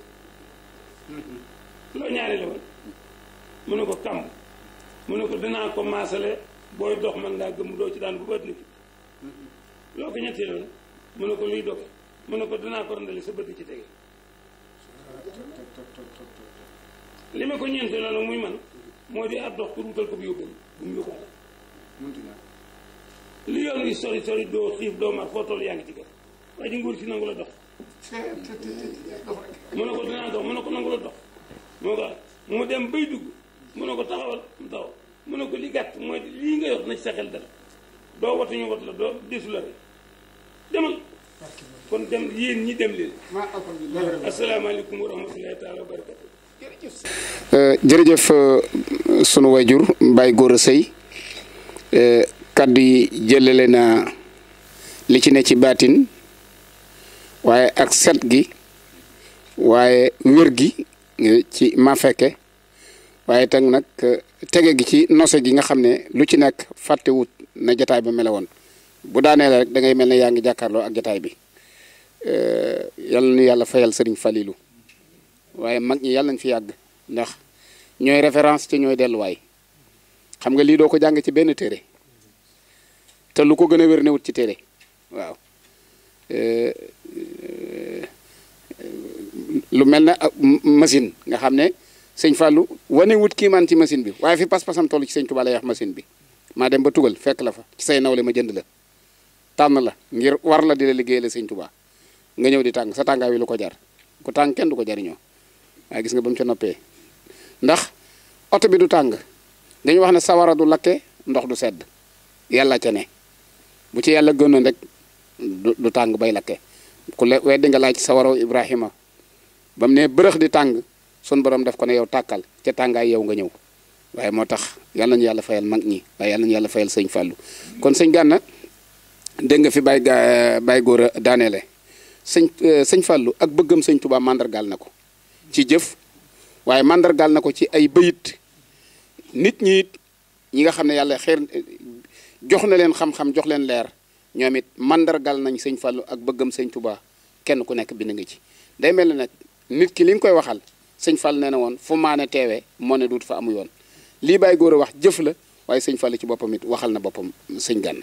Speaker 2: loo ñaari la mu ne ko kàmm mu ne ko danaa ko maasale booy dox man ngaa gëm doo ci daan ba ba adduna tukki loo ko ñettee loon mu ne ko luy doge mu ne ko danaa loolu muy man moo di ab dox pour wutal ko bu yóbbal bu mu yóbbaale li yoon wi sori sori doo xiif doo foo toll yaa ngi ci kër waa ji nguur si nangu la dox. mu ne ko dinaa dox mu ne ko nangu la dox. moo ko mu dem bay dugg mu ne ko taxawal mu taxaw mu ne ko li gàtt mooy lii nga yor na ci sa xel dara doo watu ñu wat la doo desu la demal. kon dem yéen ñi dem leen. asalaamaaleykum wa
Speaker 1: jërëjëf eh, eh, sunu wayjur Baye Gora Seye eh, kaddu yi jëlale na li ci ne ci baatin waaye ak set gi waaye wér gi ci ma fekke waaye teg nag tege gi ci nose gi nga xam ne lu ci nekk fàttewut na jataay bi mele bu daanee la rek da mel ne yaa ngi jàkkaarloo ak jataay bi yàlla nu yàlla fayal sëriñ Falilu waaye mag ñi yàlla nañ fi yàgg ndax ñooy référence ci ñooy delluwaay xam nga lii doo ko jàng ci benn téere te lu ko gën a wér newut ci téere waaw lu mel na ah, machine nga xam ne sëñ Fallou wane wut kii man ci machine bi waaye fi pas-pasam toll ci sëñ Tuubaa lay wax machine bi maa dem ba tugal fekk la fa ci say ma jënd la tànn la ngir war la di la liggéey la sëñ Tuubaa nga ñëw di tàng sa tàngaay wi lu ko jar ku tàng kenn du ko jariñoo waaye gis nga ba mu ca noppee ndax oto bi du tàng dañu wax ne sawara du lakke ndox du sedd yàlla ca ne bu ci yàlla gënoon rek du tàng bay lakke ku le weddi nga laaj sa waraw Ibrahima ba mu ne bërëx di tàng sun borom def ko ne yow tàkkal ca tàngaay yow nga ñëw waaye moo tax yal nañu yàlla fayal mag ñi waaye yal nañu yàlla fayal sëñ fallu kon sëñ Gana dégg nga fi Baye ga Baye Gora daaneele sëñ euh, sëñ Fallou ak bëggam sëñ Touba mandargaal na ko ci jëf waaye mandargaal na ko ci ay bëyit nit ñi ñi nga xam ne yàlla xeer jox na leen xam-xam jox leen leer ñoom it mandargal nañ sëñ Fallou ak bëggam sëñ Touba kenn ku nekk bind nga ci day mel ni nag nit ki li nga koy waxal sëñ Fall nee na woon fu maane teewee moo ne duut fa amu yoon lii bàyyi góor a wax jëf la waaye sëñ Fall ci boppam it waxal na boppam sëñ Gana.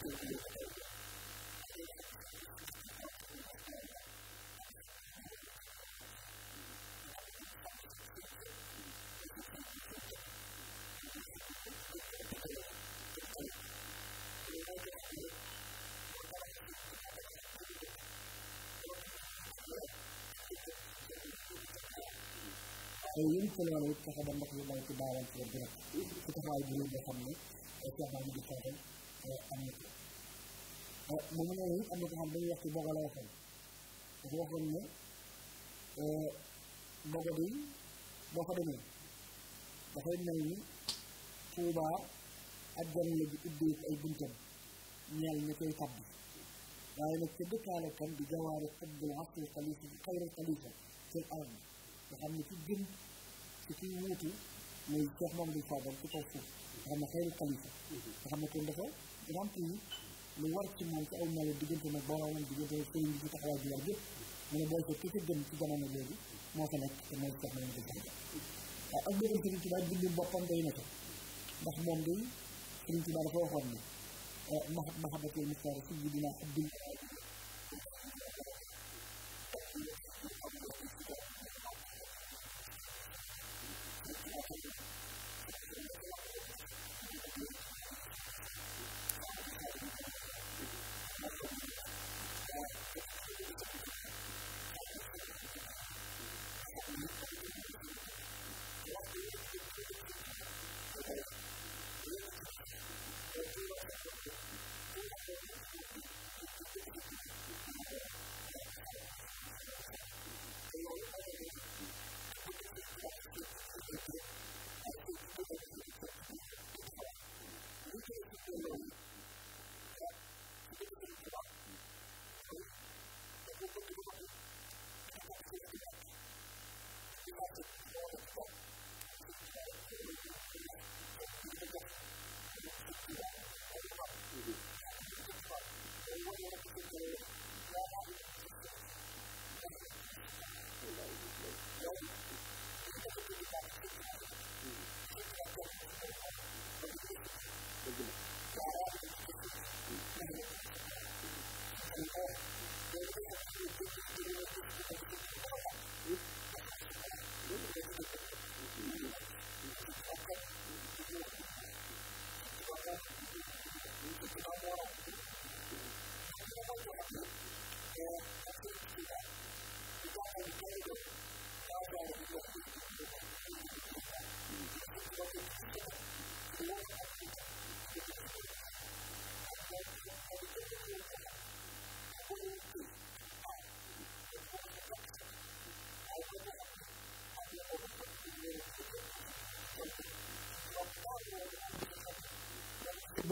Speaker 3: te yéen
Speaker 4: ci loolu it fexe ba ndox mi daw ci daawal ci biir ci taxawaay bi nga xam ne Cheikh Mamadou Fadel eh, am na ko mu ne la it am na ko xam dañuy wax ci bogo la waxoon eh, bi dafay mel ni tuubaa ak jàmm la bi ubbee ay buntam ñeel ñu koy tabb waaye nag ca dëkkaale tam di jawaare xabbul asri xalifa xam ne ci gën ci kiy wuutu mooy Cheikh Mamadou Fadal ci kaw suuf nga xam ne xayril xalifa nga xam ne kon dafa rempli lu war ci moom ci aw melo diggante diggante na sëriñ bi ci taxawaay bi war yëpp mu ne booy seet ki ci gën ci jamono léegi moo fa nekk te mooy Cheikh Mamadou Diagne waaye ak mbirum Sëriñ Tuubaa bindu boppam day na ko ndax moom day Sëriñ Tuubaa dafa waxoon ne eh, mahat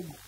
Speaker 4: bëgg ko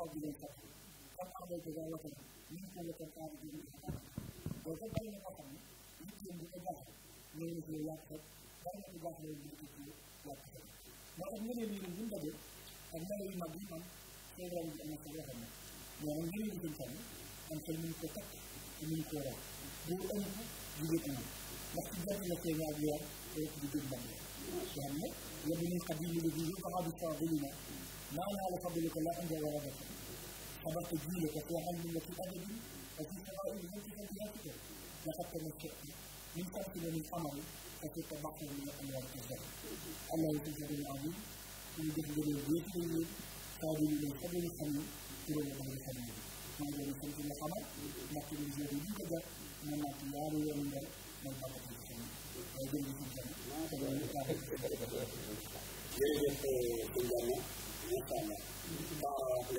Speaker 4: رجل فقير قد أعطى تجارته يمكن لتنقاد به الحقائق وجد أن الأصل يمكن بإجاحة من مثل يقصد بل إجاحة للمسلم يقصد وقد من المندب أنه مظلوما سيرا بمسألة ومن غير الإنسان أن تلمن كتك من كورا بوأنه بوأنه واحتجاج إلى سيرابيا ويقصد بالبنية وأنه يبني القديم الذي يقع بفاضلنا ما نال فضلك لا عند وربك فقد تجيلك في علم وفي أدب وفي سواء وفي فضياتك لقد تمسكت من ترك من القمر فقد بحر من الأنوار الجزائر الله يتجد العظيم في جهد البيت الليل قابل من قبل الخميس إلى وضع الخميس ماذا يسمى في القمر لكن الجهد يوجد من الطيار ومن منطقة الخميس ويجب أن يكون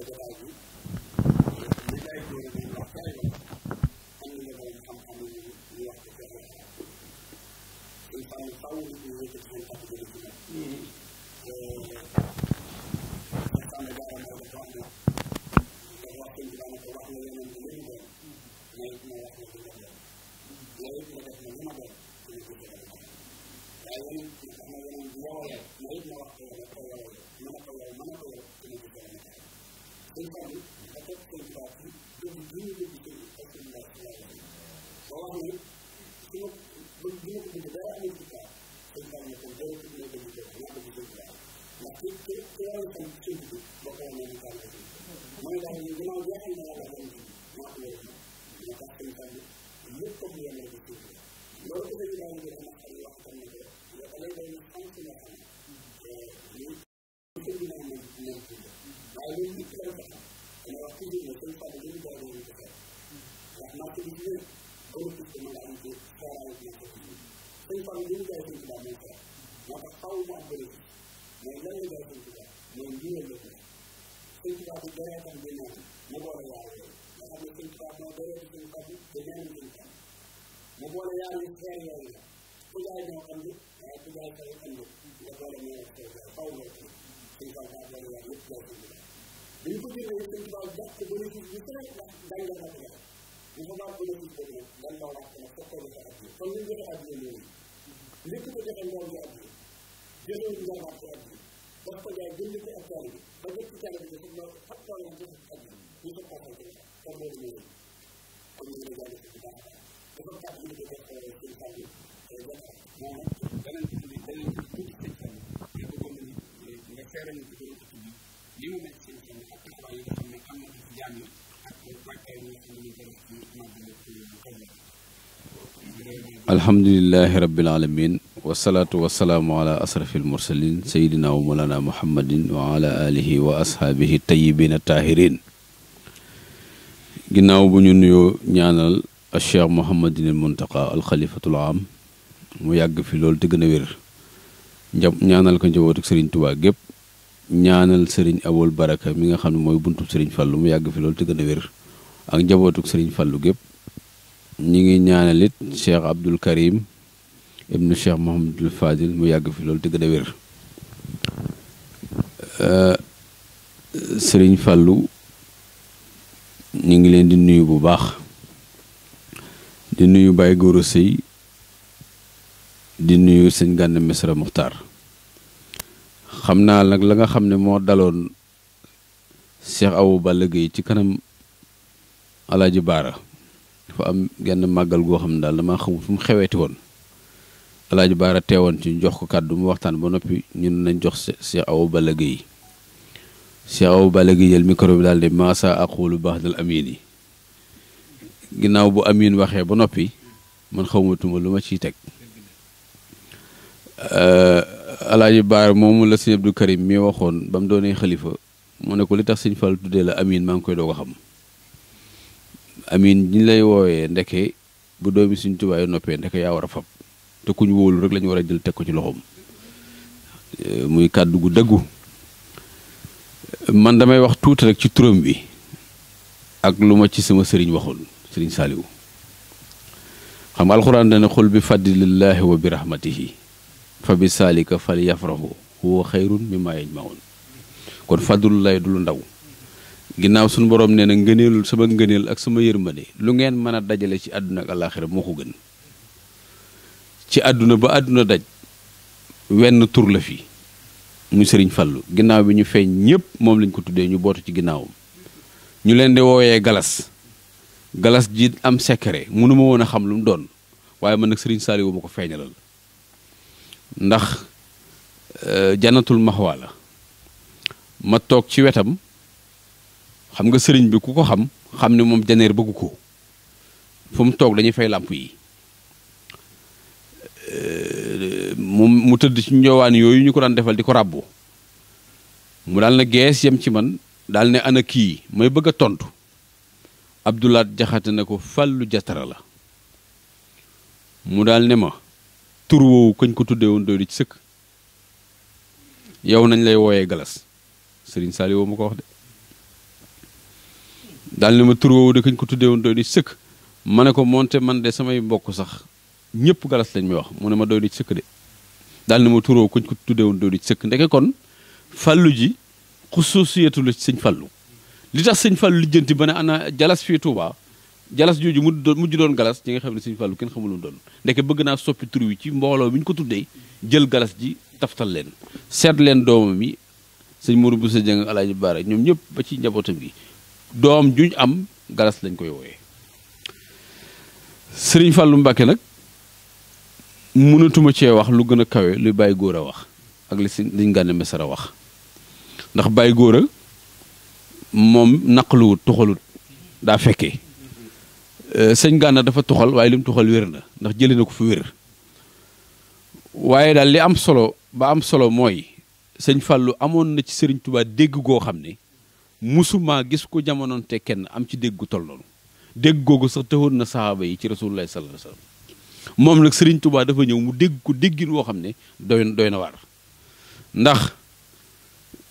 Speaker 4: جميع
Speaker 3: dina doon suñu ko jëlee ba waaye yeneen yi xam nga yeneen yi yow leen mais it ma wax ko yow ko yow mën a ko yow mën a ko yow suñu ko jëlee ba suñ ko bi nga teg seen baat yi dugg gën a dugg ci ak suñu baat yi laa leen boo wax ni su ma bu dina ko dugg dara amul ci kaw suñ ko ne kon dara tudd na ko dugg ñaa ko dugg ci kaw ndax ki ki ki yow tam suñ ko boo ko wanee ñu kaw la suñ mooy daal ñu gën a jeexal na la leen ñaa ko yow ñaa ko tax suñ ko lépp comme yéen loolu dafa gën a yëngu sama xarit wax tam ne yow da ngay doon xam si nga xam lii dafa gën a mën mën tudd waaye loolu nit la ko xam dama wax toujours ne seen fàtte gën a jaay doon ko xeet ndax marché bi ci ñëw gën a tudd mën a am ci xeeraay bi nekk ci seen fàtte gën a jaay seen tubaab mooy xeet moo tax xaw mu am bëri mais lan la jaay seen tubaab mooy lii la lépp seen tubaab bi dara tax gën a mu boole waaye nga xam ne seen tubaab moo doyati seen fàtte te ñaanu seen fàtte mu boole ñaari xeer yooyu ku jaay doo ënd waaye ku jaay kay ënd nga boole ñaari xeer yooyu faw loo tudd suñ ko daa boole ñaar yëpp loo tudd la
Speaker 4: biñ ko jëlee suñ tubaab jàpp bénéfice bi tey ndax dañ nga ko def bu ko baax bénéfice boobu nag dañ moo wax ne fokkoo joxe addiya comme ñu joxe addiya loolu lépp ko joxe ndoom bi addiya jëlewul njabaat ci addiya daf ko jaay jënd ko ak taal bi ba jëpp ci taal bi dafa ñëw fat taal bi joxe addiya ñu ko ko xam ci comme loolu loolu kon ñu ngi jàll
Speaker 3: ci baax
Speaker 5: alhamdulilahi rabbil alamin wasalaatu wasalaamu ala asrafil wa molana muhammadin wa ala wa ashaabihi tayyibina taahirin ginnaaw bu ñu nuyoo ñaanal Cheikh Mouhamadinil Mountakha alxalifatul am mu yàgg fi loolu te gën a wér ñaanal ko njabootu sëriñ Touba gépp ñaanal sëriñ Abul Baraka mi nga xam ne mooy buntu sëriñ Fallu mu yàgg fi loolu te gën a wér ak sëriñ Fallu gépp ñi ngi ñaanal it Cheikh Abdul Karim ibnu Cheikh Mouhamadul mu yàgg fi loolu te gën wér euh, sëriñ Fallu ñu ngi leen di nuyu bu baax. di nuyu Baye Gora Seye di nuyu sëñ gànn Messere Muxtaar xam naa nag la nga xam ne moo daloon Cheikh Awa Balla Gueye ci kanam Alaaji Baara dafa am genn màggal goo xam ne daal damaa xamul fu mu xeweeti woon Alaaji Baara teewoon ci jox ko kàddu mu waxtaan ba noppi ñun nañ jox Cheikh Awa Balla Gueye Cheikh Awa Balla Gueye jël micro bi daal di maasa aqulu baax dal amiin yi ginnaaw bu Amine waxee ba noppi man xawmatuma lu ma ci teg euh, alaaji baar moom la sëñ Abdou Karim mi waxoon ba mu doonee xalifa mu ne ko li tax sëñ Fall tuddee la Amine maa ngi koy doo a xam Amine ñi lay woowee ndekke bu doomi suñ tubaay noppee ndeke yaa war a fab te kuñ wóolu rek lañu war a jël teg ko ci loxoom euh, muy kàddu gu dëggu man damay wax tuuti rek ci turam bi ak lu ma ci sama sëriñ waxoon sëriñ saaliwu xam nga alxuraan dana xul bi fadlillaahi wa bi rahmatihi fa bi saalika fal yafrahu huwa xayrun mimma yajmaun kon fadlullaay du lu ndaw ginnaaw suñu borom nee na ngëneelul sama ngëneel ak sama yërmande lu ngeen mën a dajale ci àdduna ak alaaxira moo ko gën ci àdduna ba àdduna daj wenn tur la mu sëriñ Fallu ginnaaw bi ñu feeñ ñëpp moom lañ ko tuddee ñu bootu ci ginnaawam ñu leen di woowee galas galas ji am secret mënuma woon a xam lu mu doon waaye mën nag sëriñ Saliou ma ko feeñalal ndax euh, janatul maxwaa la ma toog ci wetam xam nga sëriñ bi ku ko xam xam ne moom janeer bëggu ko fu mu toog dañuy fay làmp yi euh, mu mu tëdd ci njowaan yooyu ñu ko daan defal di ko ràbbu mu daal na gees yem ci man daal ne ana kii may bëgg a tontu abdulaat jaxate na ko fàllu jatara la mu daal ne ma tur woowu ko tuddee woon doy di ci sëkk yow nañ lay wooyee galas sëriñ Saliou ma ko wax de daal ne ma tur woowu de kañ ko tuddee woon doy di sëkk ma ne ko monte man de samay mbokk sax ñëpp galas lañ may wax mu ne ma doy di sëkk de daal ne ma tur woowu ko tuddee woon doy di sëkk ndeke kon fàllu ji xusuusiyatu la ci fàllu li tax sëñ Fallou lijjanti ba ne ana jalas fii Touba jalas jooju mu mujj doon galas ñi nga xam ne sëñ Fallou kenn xamul doon ndeke bëgg naa soppi tur wi ci mbooloo bi ñu ko tuddee jël galas ji taftal leen seet leen doomam yi sëñ Mourou Boussa Dieng Alaaji Baara ñoom ñëpp ba ci njabootam gi doom juñ am galas lañ koy wooyee sëriñ Fallou Mbacke nag mënatuma cee wax lu gën a kawe lu bàyyi góor a wax ak li si liñ gànne mesara wax ndax Baye Gora moom naqaluwut tuxalut daa fekkee euh, sëñ Gana dafa tuxal waaye li mu tuxal wér na ndax jëlee na ko fu wér waaye daal li am solo ba am solo mooy sëñ Fallou amoon na ci sëriñ tubaa dégg goo xam ne musuma gis ko jamonoon te kenn am ci dégg gu toll noonu dégg googu sax tëwoon na saxaaba yi ci rasulullah sallallahu alayhi wasallam moom nag sëriñ tubaa dafa ñëw mu dégg ko déggin woo xam ne doy doy na waar ndax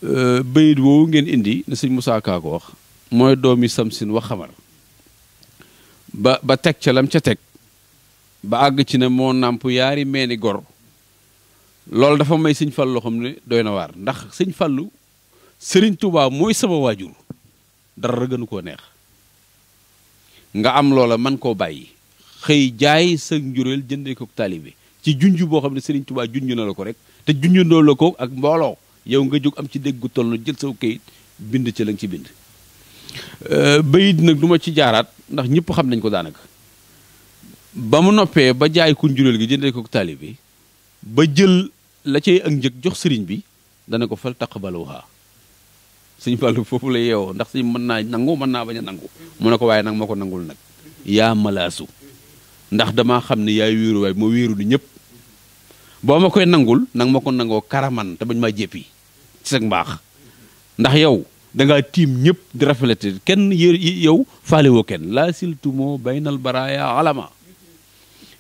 Speaker 5: Euh, bayit woowu ngeen indi ne sëñ Moussa Ka ko wax mooy doomi Samsin wax xamar ba ba teg ca lam ca teg ba àgg ci ne moo nàmp yaari meeni gor loolu dafa may sëñ fal loo ne doy na waar ndax sëñ Fallu sëriñ tubaa mooy sama waajur dara gënu koo neex nga am loola man koo bàyyi xëy jaay sa njureel jëndee ko taalibe ci junj boo xam ne sëriñ tubaa junj na la ko rek te junjandoo la ko ak mbooloo yow nga jóg am ci dégg gu toll jël saw kayit bind ci la nga ci bind euh, bayit nag duma ci jaaraat ndax ñëpp xam nañ ko daanaka ba mu noppee ba jaay kun juréel gi jëndee ko taalibe ba jël la cay ak njëg jox sëriñ bi dana ko fal taqbaluha suñu bàllu foofu la yeewoo ndax suñ mën naa nangu mën naa bañ a nangu mu ne ko waaye nag moo ko nangul nag yaa malaasu ndax dama xam ne yaay wéeru waaye ma wéeru ni ñëpp boo ma koy nangul nang ma ko nangoo karaman te bañ maa jéppi ci sag mbaax ndax yow da ngaa tiim ñëpp di rafetlete kenn y yow faalewoo kenn laa siltumoo baynal baraaya alama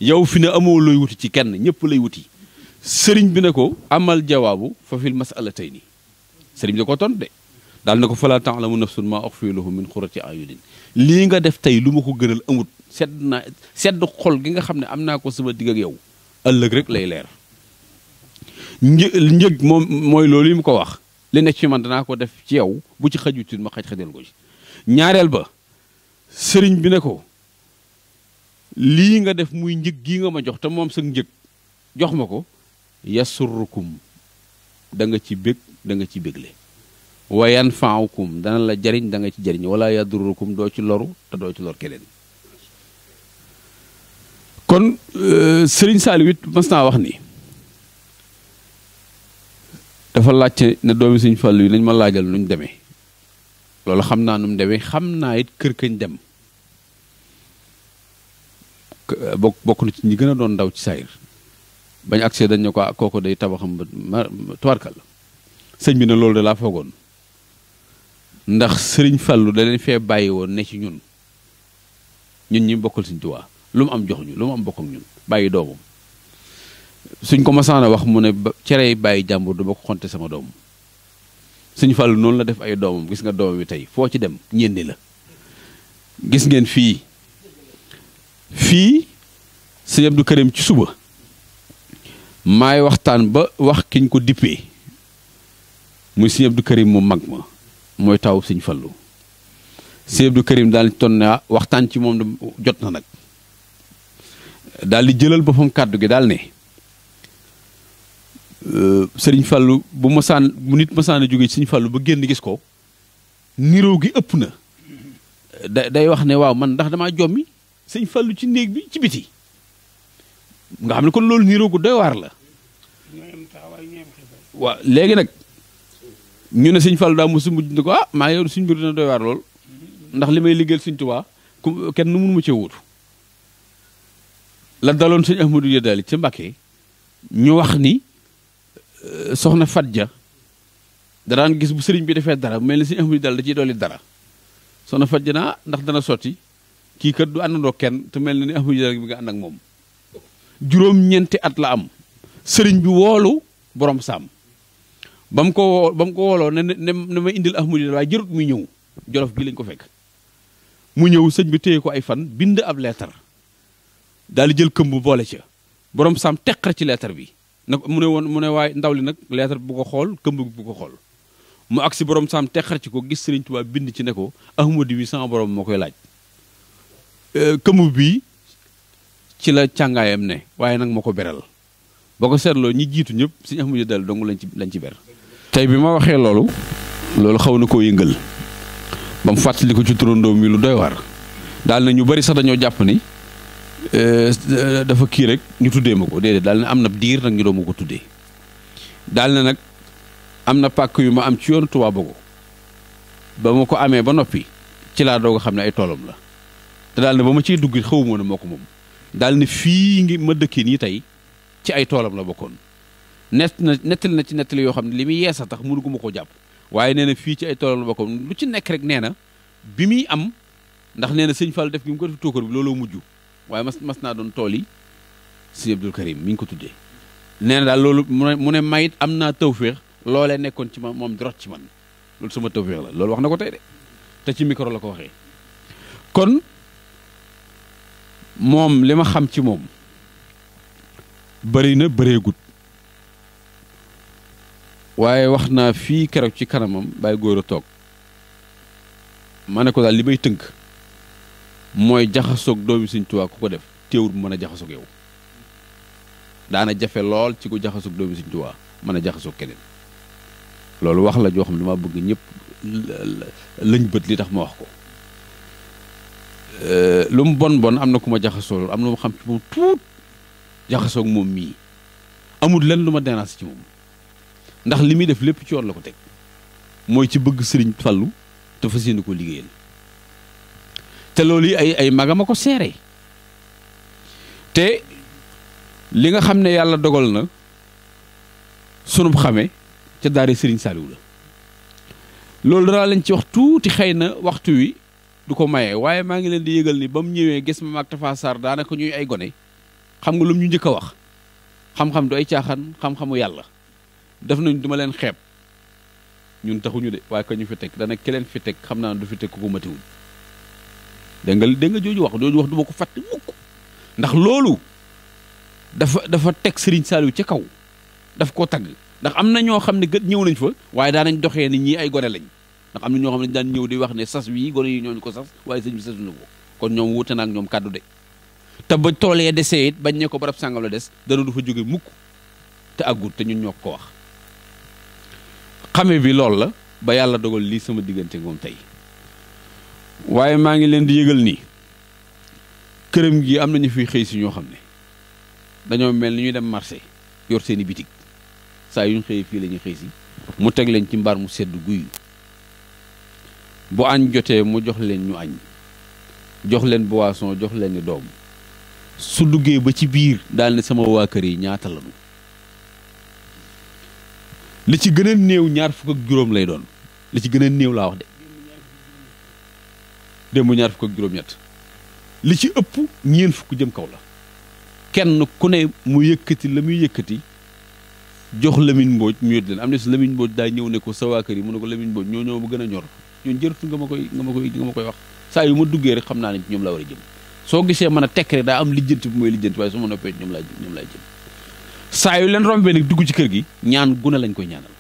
Speaker 5: yow fi ne amoo looy wuti ci kenn ñëpp lay wuti sëriñ bi ne ko amal jawaabu fa fil masalatayni sëriñ bi da ko ton de daal ne ko falaa taalamu nafsun maa uxfiya lahum min xurati ayunin lii nga def tey lu ma ko gënal amut sedd naa sedd xol gi nga xam ne am naa ko sama digg ak yow ëllëg rek lay leer njëg moom mooy loolu yi mu ko wax li nekk ci man danaa ko def ci yow bu ci xajutit ma xaj xajal ko ci ñaareel ba sëriñ bi ne ko lii nga def muy njëg gii nga ma jox te moom sa njëg jox ma ko yasurrukum da nga ci bég danga nga ci bégle wa yanfaawukum dana la jariñ da nga ci jariñ wala yadurrukum doo ci loru te doo ci lor keneen kon euh, sëriñ Saliou it mas naa wax ni dafa laajte ne doomi suñ fàllu yi nañ ma laajal nuñ demee loolu xam naa nu mu xam naa it kër kañ dem eh, bokk bokk na ci ñi gën a doon ndaw ci saayir bañ accès dañ ne ko ah, kooku day tabaxam ba tubarkal sëñ bi ne loolu de laa foogoon ndax sëriñ fàllu da leen fee bàyyi woon ne ci ñun ñun ñi bokkal suñ tuwaa lu mu am jox ñu lu mu am bokk ñun bàyyi doomam suñ ko masaan a wax mu ne cere bàyyi jàmbur du ma ko xonte sama doom suñ fàllu noonu la def ay doomam gis nga doomam bi tey foo ci dem ñenni la gis ngeen fii fii sëñ Abdou Karim ci suba maay waxtaan ba wax kiñ ko dippee muy sëñ Abdou Karim mu mag ma mooy taw sëñ fallu sëñ Abdou Karim daal ton ne ah, waxtaan ci moom jot na nag daal di jëlal boppam kàddu gi daal ne Euh, sëriñ Fallou bu mosaan bu nit mosaan a jógee fallu ba génn gis ko niroo gi ëpp na da day wax ne waaw man ndax damaa jommi sëñ Fallou ci néeg bi ci biti nga xam ne kon loolu niroo gu doy waar la waaw léegi nag ñu ne sëriñ Fallou daa mosu mujj ne ko ah maa yow suñ mbir dina doy waar lool ndax li may liggéeyal sëriñ Tuubaa kenn mënu ma cee wuutu la daloon sëriñ Ahmadou Yadaali ca Mbàkke ñu wax ni Euh, soxna Fadja da daan gis bu sëriñ bi defee dara mel na suñu amul dal da ciy dolli dara soxna Fadja naa ndax dana sotti kii kat du àndandoo kenn te mel na ni amul dal bi nga ànd ak moom. juróom-ñeenti at la am sëriñ bi woolu boroom saam ba mu ko woo ko wooloo ne ne ne ma indil ahmadu dal waaye jërut muy ñëw jolof gi lañ ko fekk mu ñëw sëñ bi téye ko ay fan bind ab leetar daal di jël bu boole ca borom saam teqar ci leetar bi. na mu ne woon mu ne waaye ndaw li nag leetar bu ko xool këmb bu ko xool mu agsi borom saam te xar ci ko gis Serigne Touba bind ci ne ko ahmadu bi sama borom moo koy laaj euh, këmb bii ci la càngaayam ne waaye nag moo ko beral boo ko seetloo ñi jiitu ñëpp suñu ahmadu dal dong lañ ci lañ ci ber tey bi ma waxee loolu loolu xaw na koo yëngal ba mu fàttali ko ci turandoom yi lu doy waar daal na ñu bari sax dañoo jàpp ni Euh, dafa kii rek ñu tuddee ma ko déedéet daal na am na diir nag ñu doo ma ko tuddee daal na nag am na pàkk yu ma am ci yoonu Touba Bogo ba ma ko amee ba noppi ci laa doog a xam ne ay toolam la te daal na ba ma ciy dugg xawuma ne moo ko moom daal ne fii ngi ma dëkkee nii tey ci ay toolam la bokkoon nett na nettali na ci nettali yoo xam ne li mu yeesa tax mënu ma ko jàpp waaye nee na fii ci ay toolam la bokkoon lu ci nekk rek nee na bi muy am ndax nee na sëñ def gi ko def looloo mujj waaye mas mas naa doon tool yi sëñ Abdul Karim mi ngi ko tuddee nee na daal loolu mu ne mu mayit am naa tawféex loolee nekkoon ci ma moom di ci man loolu sama tawféex la loolu wax na ko tey de te ci micro la ko waxee kon moom li ma xam ci moom bari na bëreegut waaye wax naa fii keroog ci kanamam bàyyi góor a toog ma ne ko daal li may tënk mooy jaxasoog doomi Sëñ Tuubaa ku ko def téewul mën a jaxasoog yow daana jafe lool ci ku jaxasoog doomi Sëñ Tuubaa mën a jaxasoog keneen loolu wax la joo xam ne bëgg ñëpp lañ bët li tax ma wax ko euh, lu mu bon bon am na ku ma jaxasoo am na ma xam ci moom tuut jaxasoog moom mii amul lenn lu ma dérange ci moom ndax li muy def lépp ci yoon la ko teg mooy ci bëgg sëriñ Fallu te fas yéene ko liggéeyal te loolu yi ay ay magama ko seere te li nga xam ne yàlla dogal na sunub xame ca daara Serigne Saliou la loolu danaa leen ci wax tuuti xëy na waxtu wi du ko maye waaye maa ngi leen di yëgal ni ba mu ñëwee gis ma ak Tafa Sarr daanaka ñuy ay gone xam nga lu ñu njëkk a wax xam-xam du ay caaxaan xam-xamu yàlla def nañ duma leen xeeb ñun taxuñu de waaye ka ñu fi teg dana ki leen fi teg xam naa du fi teg ku ko matiwul dégg nga dégg nga jooju wax jooju wax du ma ko fàtte mukk ndax loolu dafa dafa teg Serigne Saliou ci kaw daf koo tagg ndax am na ñoo xam ne gët ñëw nañ fa waaye daanañ doxee ni ñii ay gone lañ ndax am na ñoo xam ne daan ñëw di wax ne sas wi gone yi ñoo ñooñu ko sas waaye sëñ bi sasuñu ko kon ñoom wuute na ak ñoom kàddu de te ba toolee desee it bañ ne ko barab sàngam la des dana du fa jóge mukk te àggut te ñun ñoo ko wax xame bi loolu la ba yàlla dogal lii sama diggante moom tey waaye maa ngi leen di yëgal nii këram gi am nañu fi xëy si ñoo xam ne dañoo mel ni ñu dem marché yor seeni bitig saa yu ñu xëyee fii lañuy ñuy si mu teg leen ci mbaar mu sedd guy bu añ jotee mu jox leen ñu añ jox leen boisson jox leen ni doom su duggee ba ci biir daal ne sama waa kër yi ñaata lañu li ci gën néew ñaar fukk ak juróom lay doon li ci gën a néew laa wax de démb ñaar fukk ak juróom-ñett li ci ëpp ñeen fukk jëm kaw la kenn ku ne mu yëkkati la muy yëkkati jox Lamine Mbodj mu yót leen am na si Lamine Mbodj daa ñëw ne ko sa waa kër yi mu ne ko Lamine Mbodj ñoo ñoo ma gën a ñor ñun jërëtu nga ma koy ma koy nga koy wax saa yu ma duggee rek xam naa ne ci ñoom laa war a jëm soo gisee mën a tekk rek daa am lijjanti bu mooy lijjanti waaye su ma noppee ñoom laa ñoom laa jëm saa yu leen rombee nag dugg ci kër gi ñaan ne lañ koy ñaanal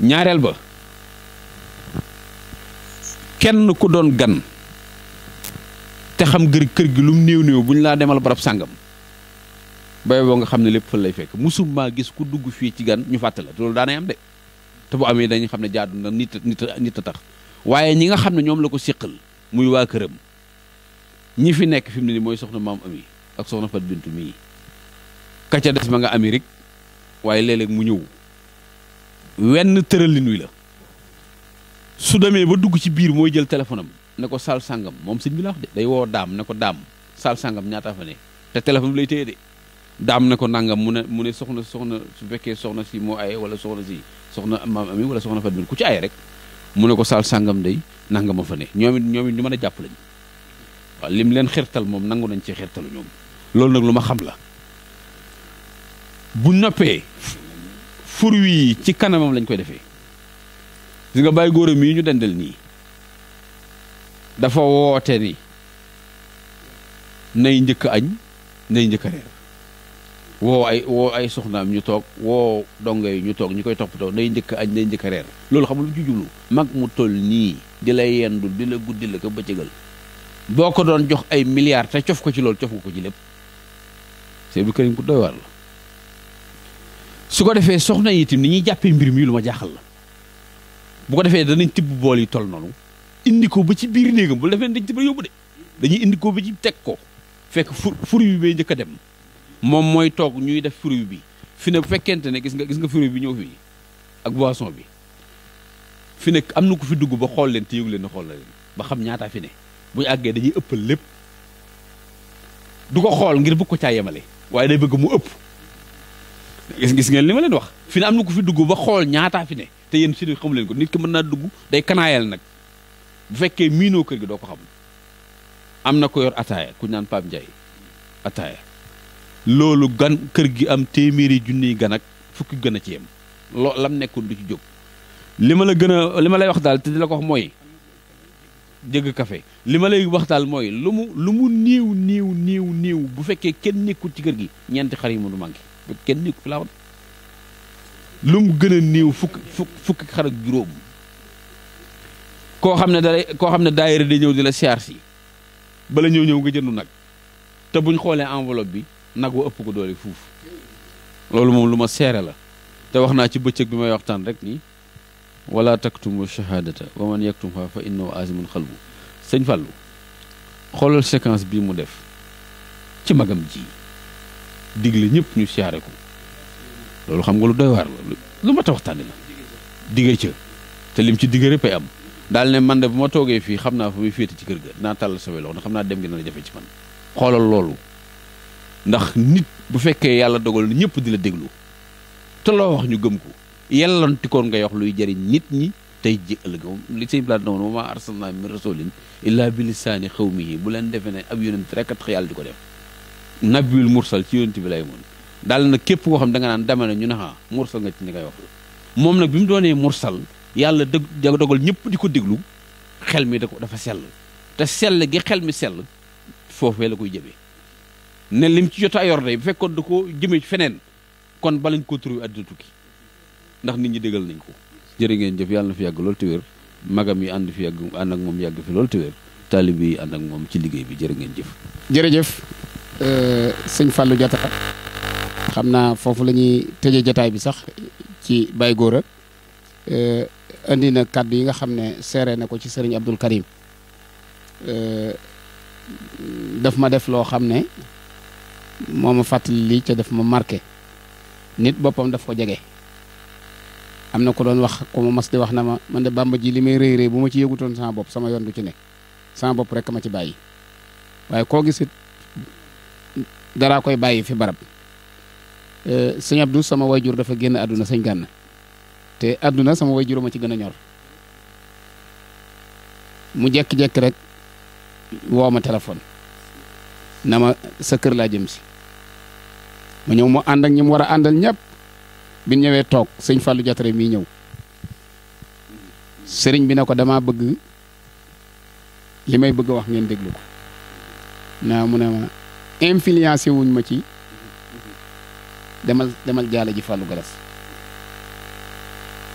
Speaker 5: ñaareel ba kenn ku doon gan te xam gër kër gi lu mu néew néew bu ñu laa demal barab sàngam bay boo nga xam ne lépp fa lay fekk musuma gis ku dugg fii ci gan ñu fàttali la te loolu daanay am de te bu amee dañuy xam ne jaadu na nit nit nit a tax waaye ñi nga xam ne ñoom la ko siqal muy waa këram ñi fi nekk fi mu ne nii mooy soxna maam ami ak soxna fat bintu mii ka ca des ma nga Amérique waaye léeg mu ñëw wenn tëralin wi la su demee ba dugg ci biir mooy jël téléphone ne ko sal sàngam moom si bi la de day woo daam ne ko daam sal sàngam ñaata fa ne te téléphone bi lay téye de daam ne ko nangam mu mu soxna soxna su fekkee soxna si moo aye wala soxna si soxna maam ami wala soxna Fatou ku ci aye rek mu ne ko sal sàngam day nangama fa ne ñoom it ñu mën a jàpp lañu waaw lim leen xirtal moom nangu nañ ci xirtalu ñoom loolu nag lu ma xam la bu noppee fur ci kanamam lañ koy defee gis nga bàyyi góoram yi ñu dendal nii dafa woote ni nay njëkk añ nay njëkk reer woo ay woo ay soxnaam ñu toog woo dongo yi ñu toog ñu koy toppatoo nay njëkk añ nay njëkk reer loolu xam lu ci mag mu toll nii di la yendu di la guddi la ko bëccëgal boo ko doon jox ay milliards te cof ko ci loolu cof nga ko ci lépp c'est bu ku doy waar la su ko defee soxna yi ni ñuy jàppee mbir mi lu ma jaaxal la bu ko defee danañ tibb bool yi toll noonu indi ko ba ci biir néegam bu defee dañ tibb yóbbu de dañuy indi ko ba ci teg ko fekk fu fur bi bay njëkk a dem moom mooy toog ñuy def fruit bi fi bu fekkente ne gis nga gis nga fruit bi ñëw fii ak boisson bi fi ne am na ku fi dugg ba xool leen te yëgu leen na xool la leen ba xam ñaata fi ne bu ñu àggee dañuy ëppal lépp du ko xool ngir bëgg ko caa yemale waaye day bëgg mu ëpp gis gis ngeen li ma leen wax fi am na ku fi dugg ba xool ñaata fi ne te yéen si xamu leen ko nit ki mën naa dugg day kanaayal nag bu fekkee miinoo kër gi doo ko xam am na ko yor ataaya ku naan Pape Ndiaye ataaya loolu gan kër gi am téeméeri junniy gan ak fukki gën a ci yem loo lam nekkoon du ci jóg li ma la gën a li ma lay wax daal te di la ko wax mooy jëgg kafe li ma lay wax daal mooy lu mu lu mu néew néew néew néew bu fekkee kenn nekkul ci kër gi ñeenti xar yu mu du manqué kenn nekkul laa wax lu gën a néew fukk fukk fukki xar koo xam ne da koo xam ne daayira day ñëw di la siyaar si bala ñëw ñëw nga jëndu nag te buñ xoolee enveloppe bi nag wa ëpp ko doole fuuf loolu moom lu ma seere la te wax naa ci bëccëg bi may waxtaan rek nii wala taktumu shahadata wa man yaktumha fa innahu azimun xalbu sëñ Fallou xoolal séquence bii mu def ci magam ji digle ñëpp ñu siyaare ko loolu xam nga lu doy waar la lu ma ta waxtaane la digge ca te lim ci digge rëpp am daal ne man de bu ma toogee fii xam naa fu muy féete ci kër ga dinaa tàllal samay loxo ndax xam naa dem gi dana jafe ci man xoolal loolu ndax nit bu fekkee yàlla dogal na ñëpp di la déglu te loo wax ñu gëm ko yellontikoon ngay wax luy jëriñ nit ñi tey ji ëllëg moom li sëñ Blaat na woon wa maa arsalnaa min rasuulin illaa bi lisaani xawmihi bu leen defee ne ab yonent rek a tax yàlla di ko def nabiyul mursal ci yonent bi lay daal na képp koo xam da nga naan dama ñu ne ah mursal nga ci ni ngay wax moom nag bi mu doonee mursal yàlla dëgg dogal ñëpp di ko déglu xel mi da ko dafa sell te sell gi xel mi sell foofee la koy jëme ne lim ci jot a yor day bu fekkoon da ko jëmee feneen kon balañ ko turu àddina tukki ndax nit ñi déggal nañ ko. jërë ngeen jëf yàlla na fi yàgg loolu te magam yi ànd fi yàgg ànd ak moom yàgg fi loolu te wér taalibe yi ànd ak moom ci liggéey bi jërë ngeen jëf.
Speaker 1: jërëjëf euh, sëñ xam naa foofu lañuy ñuy tëje jataay bi sax ci Baye Gora euh, indi na kàddu yi nga xam ne seere na ko ci sëriñ Abdul Karim euh, daf ma def loo xam ne moom ma fàttali lii ca daf ma marqué nit boppam daf ko jege am na ko doon wax ko ma mas di wax na ma man de bàmba ji li may rëy rëy bu ma ci yëgutoon sama bopp sama yoon du ci nekk sama bopp rek ma ci bàyyi waaye koo gisit daraa koy bàyyi fi barab Euh, sëñ Abdou sama wayjur dafa génn àdduna sëñ Gànna te àdduna sama wayjur ma ci gën a ñor mu jekki-jekki rek woo ma téléphone na ma sa kër laa jëm si ma ñëw mu ànd ak ñi war a àndal ñëpp bi ñëwee toog sëñ Fallou Diattara mii ñëw sëriñ bi ne ko damaa bëgg li may bëgg wax ngeen déglu ko naa mu ne ma influencé wuñ ma ci demal demal jaale ji Fallou Galass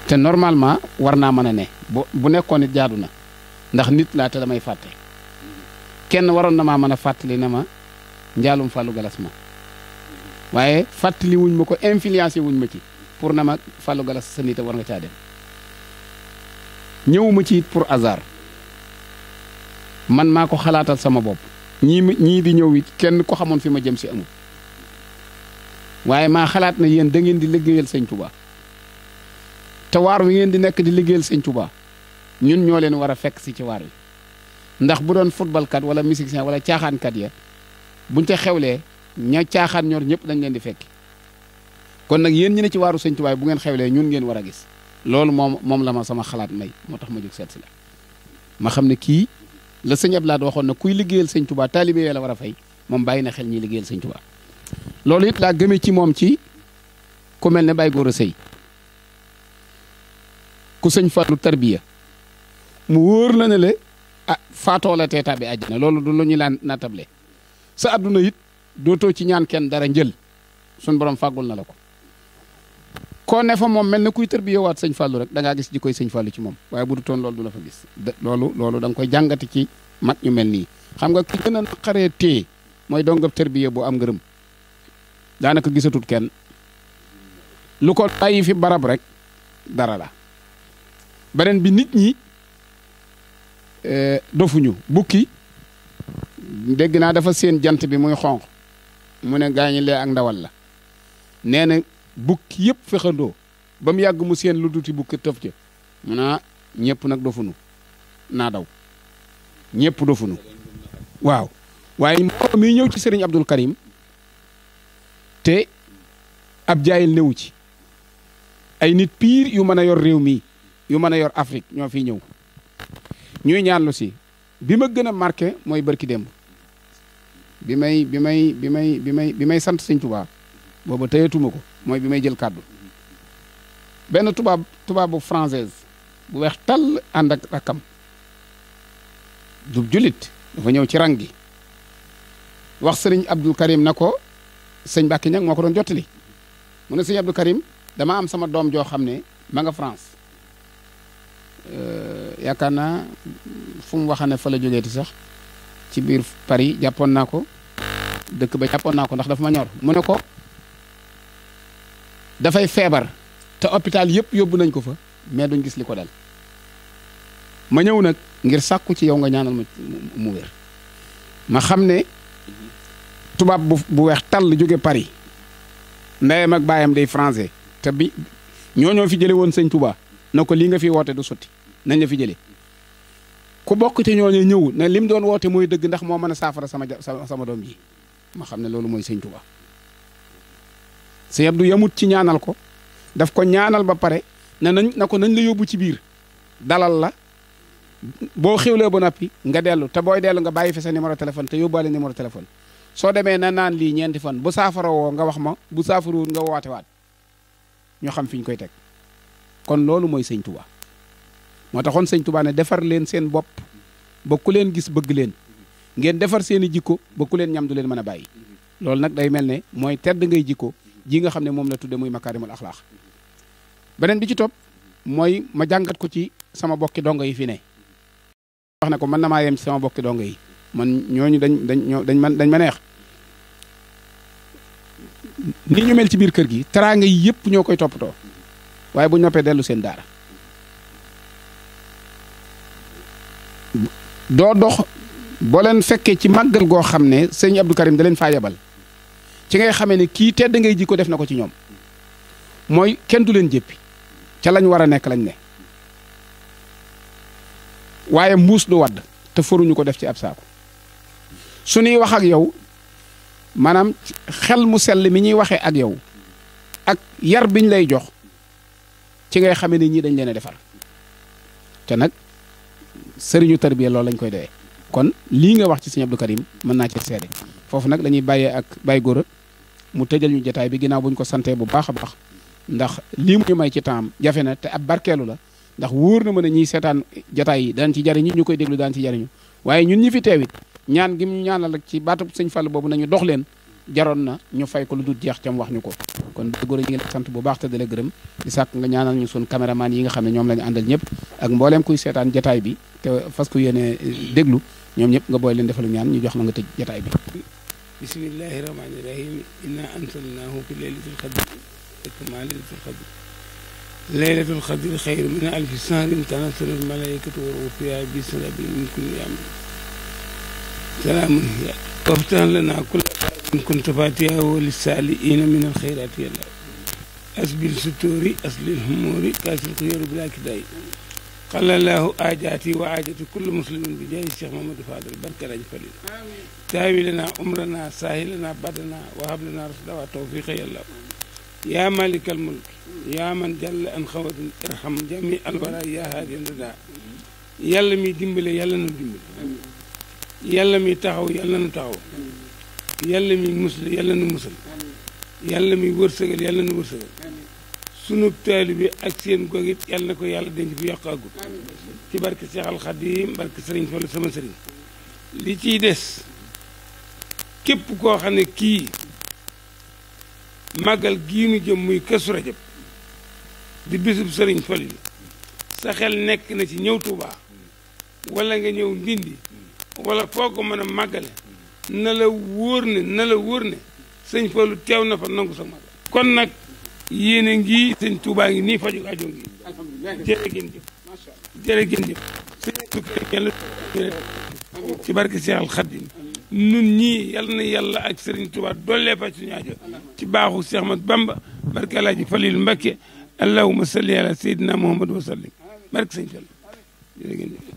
Speaker 1: te normalement war naa mën a ne bu bu nekkoon it jaadu na ndax nit laa te damay fàtte kenn waroon na maa mën a fàttali na ma njaalum fàllu Galass ma waaye fàttali wuñ ma ko influencé wuñ ma ci pour na ma Fallou galas sa nit war nga caa dem ñëwuma ci pour hasard man maa ko xalaatal sama bopp ñii ñii di ñëw it kenn ko xamoon fi ma jëm si amul waaye maa xalaat na yéen da ngeen di liggéeyal sëñ Touba te waar wi ngeen di nekk di liggéeyal sëñ Touba ñun ñoo leen war a fekk si ci waar wi ndax bu doon football kat wala musicien wala caaxaankat ya buñ ca xewlee ña caaxaan ñor ñëpp dañu leen di fekki kon nag yéen ñi ne ci waaru sëñ Touba bu ngeen xewlee ñun ngeen war a gis loolu moom moom la ma sama xalaat may moo tax ma jóg seet si la ma xam ne kii la sëñ Abdoulaye waxoon na kuy liggéeyal sëñ Touba taalibe la war a fay moom bàyyi na xel ñiy liggéeyal sëñ loolu it laa gëmee ci moom ci ku mel ne Baye Gora Seye ku sëñ Fallou tarbiya mu wóor la ne le ah faatoo la teetaa bi àjjana loolu du lu ñu laan natable sa adduna it dootoo ci ñaan kenn dara njël suñ borom fàggul na la ko koo ne fa moom mel na kuy tarbiya waat sëñ Fallou rek da ngaa gis ji koy sëñ Fallou ci moom waaye bu du toon loolu du la fa gis loolu loolu danga koy jàngate ci mag ñu mel nii xam nga ki gën a naqaree téye mooy dongab tarbiya bu am ngërëm daanaka gisatut kenn lu ko bàyyi fi barab rek dara la beneen bi nit ñi eh, dofuñu bukki dégg naa dafa séen jant bi muy xonq mu ne gaañi lee ak ndawal la nee na bukki yépp fexandoo ba mu yàgg mu seen lu duti bukki tëf ca mu naa ah, ñëpp nag dofuñu naa daw ñëpp dofuñu waaw waaye mi ñëw ci sëriñ Abdul Karim te ab jaayil néwu ci ay nit piir yu mën a yor réew mi yu mën a yor Afrique ñoo fi ñëw ñuy ñaanlu si bi ma gën a marqué mooy bërki démb bi may bi may bi may bi may may sant sëñ Tuubaa boobu tëyatuma ko mooy bi may jël kàddu benn tubaab tubaabu française bu weex tàll ànd rakkam du jullit dafa ñëw ci rang gi wax sëriñ Abdul Karim na ko sëñ Mbacke Niang moo ko doon jottali mu ne sëñ Abdou Karim dama am sama doom joo xam ne ma nga France euh, yaakaar naa fu mu waxane fa la jógeeti sax ci biir Paris jàppoon naa ko dëkk ba jàppoon naa ko ndax dafa ma ñor mu ne ko dafay feebar te hôpital yëpp yóbbu nañ ko fa mais duñ gis li ko dal ma ñëw nag ngir sàkku ci yow nga ñaanal mu wér ma xam ne tubaab bu bu weex tàll jóge Paris ndeyam mag baayam day français te bi ñoo ñoo fi jële woon sëñ Touba na ko lii nga fi woote du sotti nañ la fi jële ku bokk ci ñooñu ñëw ne lim doon woote mooy dëgg ndax moo mën a saafara sama sama doom yi ma xam ne loolu mooy sëñ Touba sëñ du yamut ci ñaanal ko daf ko ñaanal ba pare ne nañ na ko nañ la yóbbu ci biir dalal la boo xewlee ba noppi nga dellu te booy dellu nga bàyyi fi sa numéro téléphone te yóbbaale numéro soo demee na naan lii ñeenti fan bu saafara woo nga wax ma bu saafara nga woote waat ñu xam fi ñu koy teg kon loolu mooy sëñ Tuubaa moo taxoon sëñ Tuubaa ne defar leen seen bopp ba ku leen gis bëgg leen ngeen defar seen i jikko ba ku leen ñam du leen mën a bàyyi loolu nag day mel ne mooy tedd ngay jikko ji nga xam ne moom la tudde muy makaarimul axlaax beneen bi ci topp mooy ma jàngat ko ci sama bokki dongo yi fi ne wax ne ko mën na maa yem ci sama bokki dongo yi man ñooñu dañ dañ dañ man dañ ma neex ni ñu mel ci biir kër gi teraanga yi yëpp ñoo koy toppatoo waaye bu noppee dellu seen daara doo dox boo leen fekkee ci màggal goo xam ne sëñ Abdou Karim da leen faa yebal ci ngay xame ne kii tedd ngay ji ko def na ko ci ñoom mooy kenn du leen jéppi ca lañ war a nekk lañ ne waaye mbuus du wadd te faruñu ko def ci ab saako su ñuy wax ak yow maanaam xel mu sell mi ñuy waxee ak yow ak yar biñ lay jox ci ngay xamee ni ñii dañ leen a defar te nag sëriñu tarbiya lool lañ koy doyee kon lii nga wax ci sëñ Abdou Karim mën naa ci seede foofu nag lañuy bàyyee ak bay Gora mu tëjal ñu jataay bi ginnaaw bu ko santee bu baax a baax ndax lii mu may ci temps jafe na te ab barkeelu la ndax wóor na mën a ñiy seetaan jataay yi daan ci jariñu ñu koy déglu daan ci jariñu waaye ñun ñi fi teewit ñaan gi ñu ñaanal ak ci baatub sëñ Fall boobu nañu dox leen jaroon na ñu fay ko lu dul jeex cam wax ñu ko kon góor ñi ngi sant bu baax te di la gërëm di sàkk nga ñaanal ñu sun caméraman yi nga xam ne ñoom la ñu àndal ñëpp ak mbooleem kuy seetaan jataay bi te fas ku yéene eh, déglu ñoom ñëpp nga booy leen defalu ñaan ñu jox la nga tëj jataay bi
Speaker 2: bismillahi rahmaani rahim inna ansalnaahu fi laylatul qadr ëtma laylatul qadr laylatul qadr xayru min alfi sahrin tanazzalu salaam waftan lana kulla in kunta fatiha wa lissaaliina min alxayraati yàlla asbil sutuuri aslil humuuri kaasil xiyooru bilaa kidaay xalallahu aajaati wa aajati kulli muslimin bi jaayi Cheikh Mamadou Fadal barka lañ fali taawi lana umrana saahilana badana wa hablana rasda wa tawfiqa yàlla yaa malik al mulk yaa man jàll an xawatin irham jami alwara yaa haadiyan rida yàlla mi dimbale yàlla na dimbale yàlla mi taxaw yàlla nu taxaw yàlla mi musal yàlla nu musal yàlla mi wërsëgal yàlla nu wërsëgal sunu taali bi ak seen goog it yàlla na ko yàlla denc bi yàq agut ci barke Seex al Xadiim sëriñ Fallu sama sëriñ li ciy des képp koo xam ne kii màggal gii nu jëm muy Kazu Rajab di bisub sëriñ Fallu sa xel nekk na ci ñëw Tuubaa wala nga ñëw Ndindi wala foo ko mën a màggale na la wóor ne na wóor ne sëñ Fallou teew na fa nangu sa màggal kon nag yéen a ngi sëñ Touba ngi nii faju ajo ngi jërë ngeen jëf jërë ngeen jëf sëñ ci barke Seexal Xaddim nun ñii yalla na yàlla ak sëriñ Touba dollee fa suñu ajo ci baaxu Seex ma Bamba barke Alaaji Falilu Mbakke allahuma salli ala seydina Muhammad wa sallim barke sëñ Fallou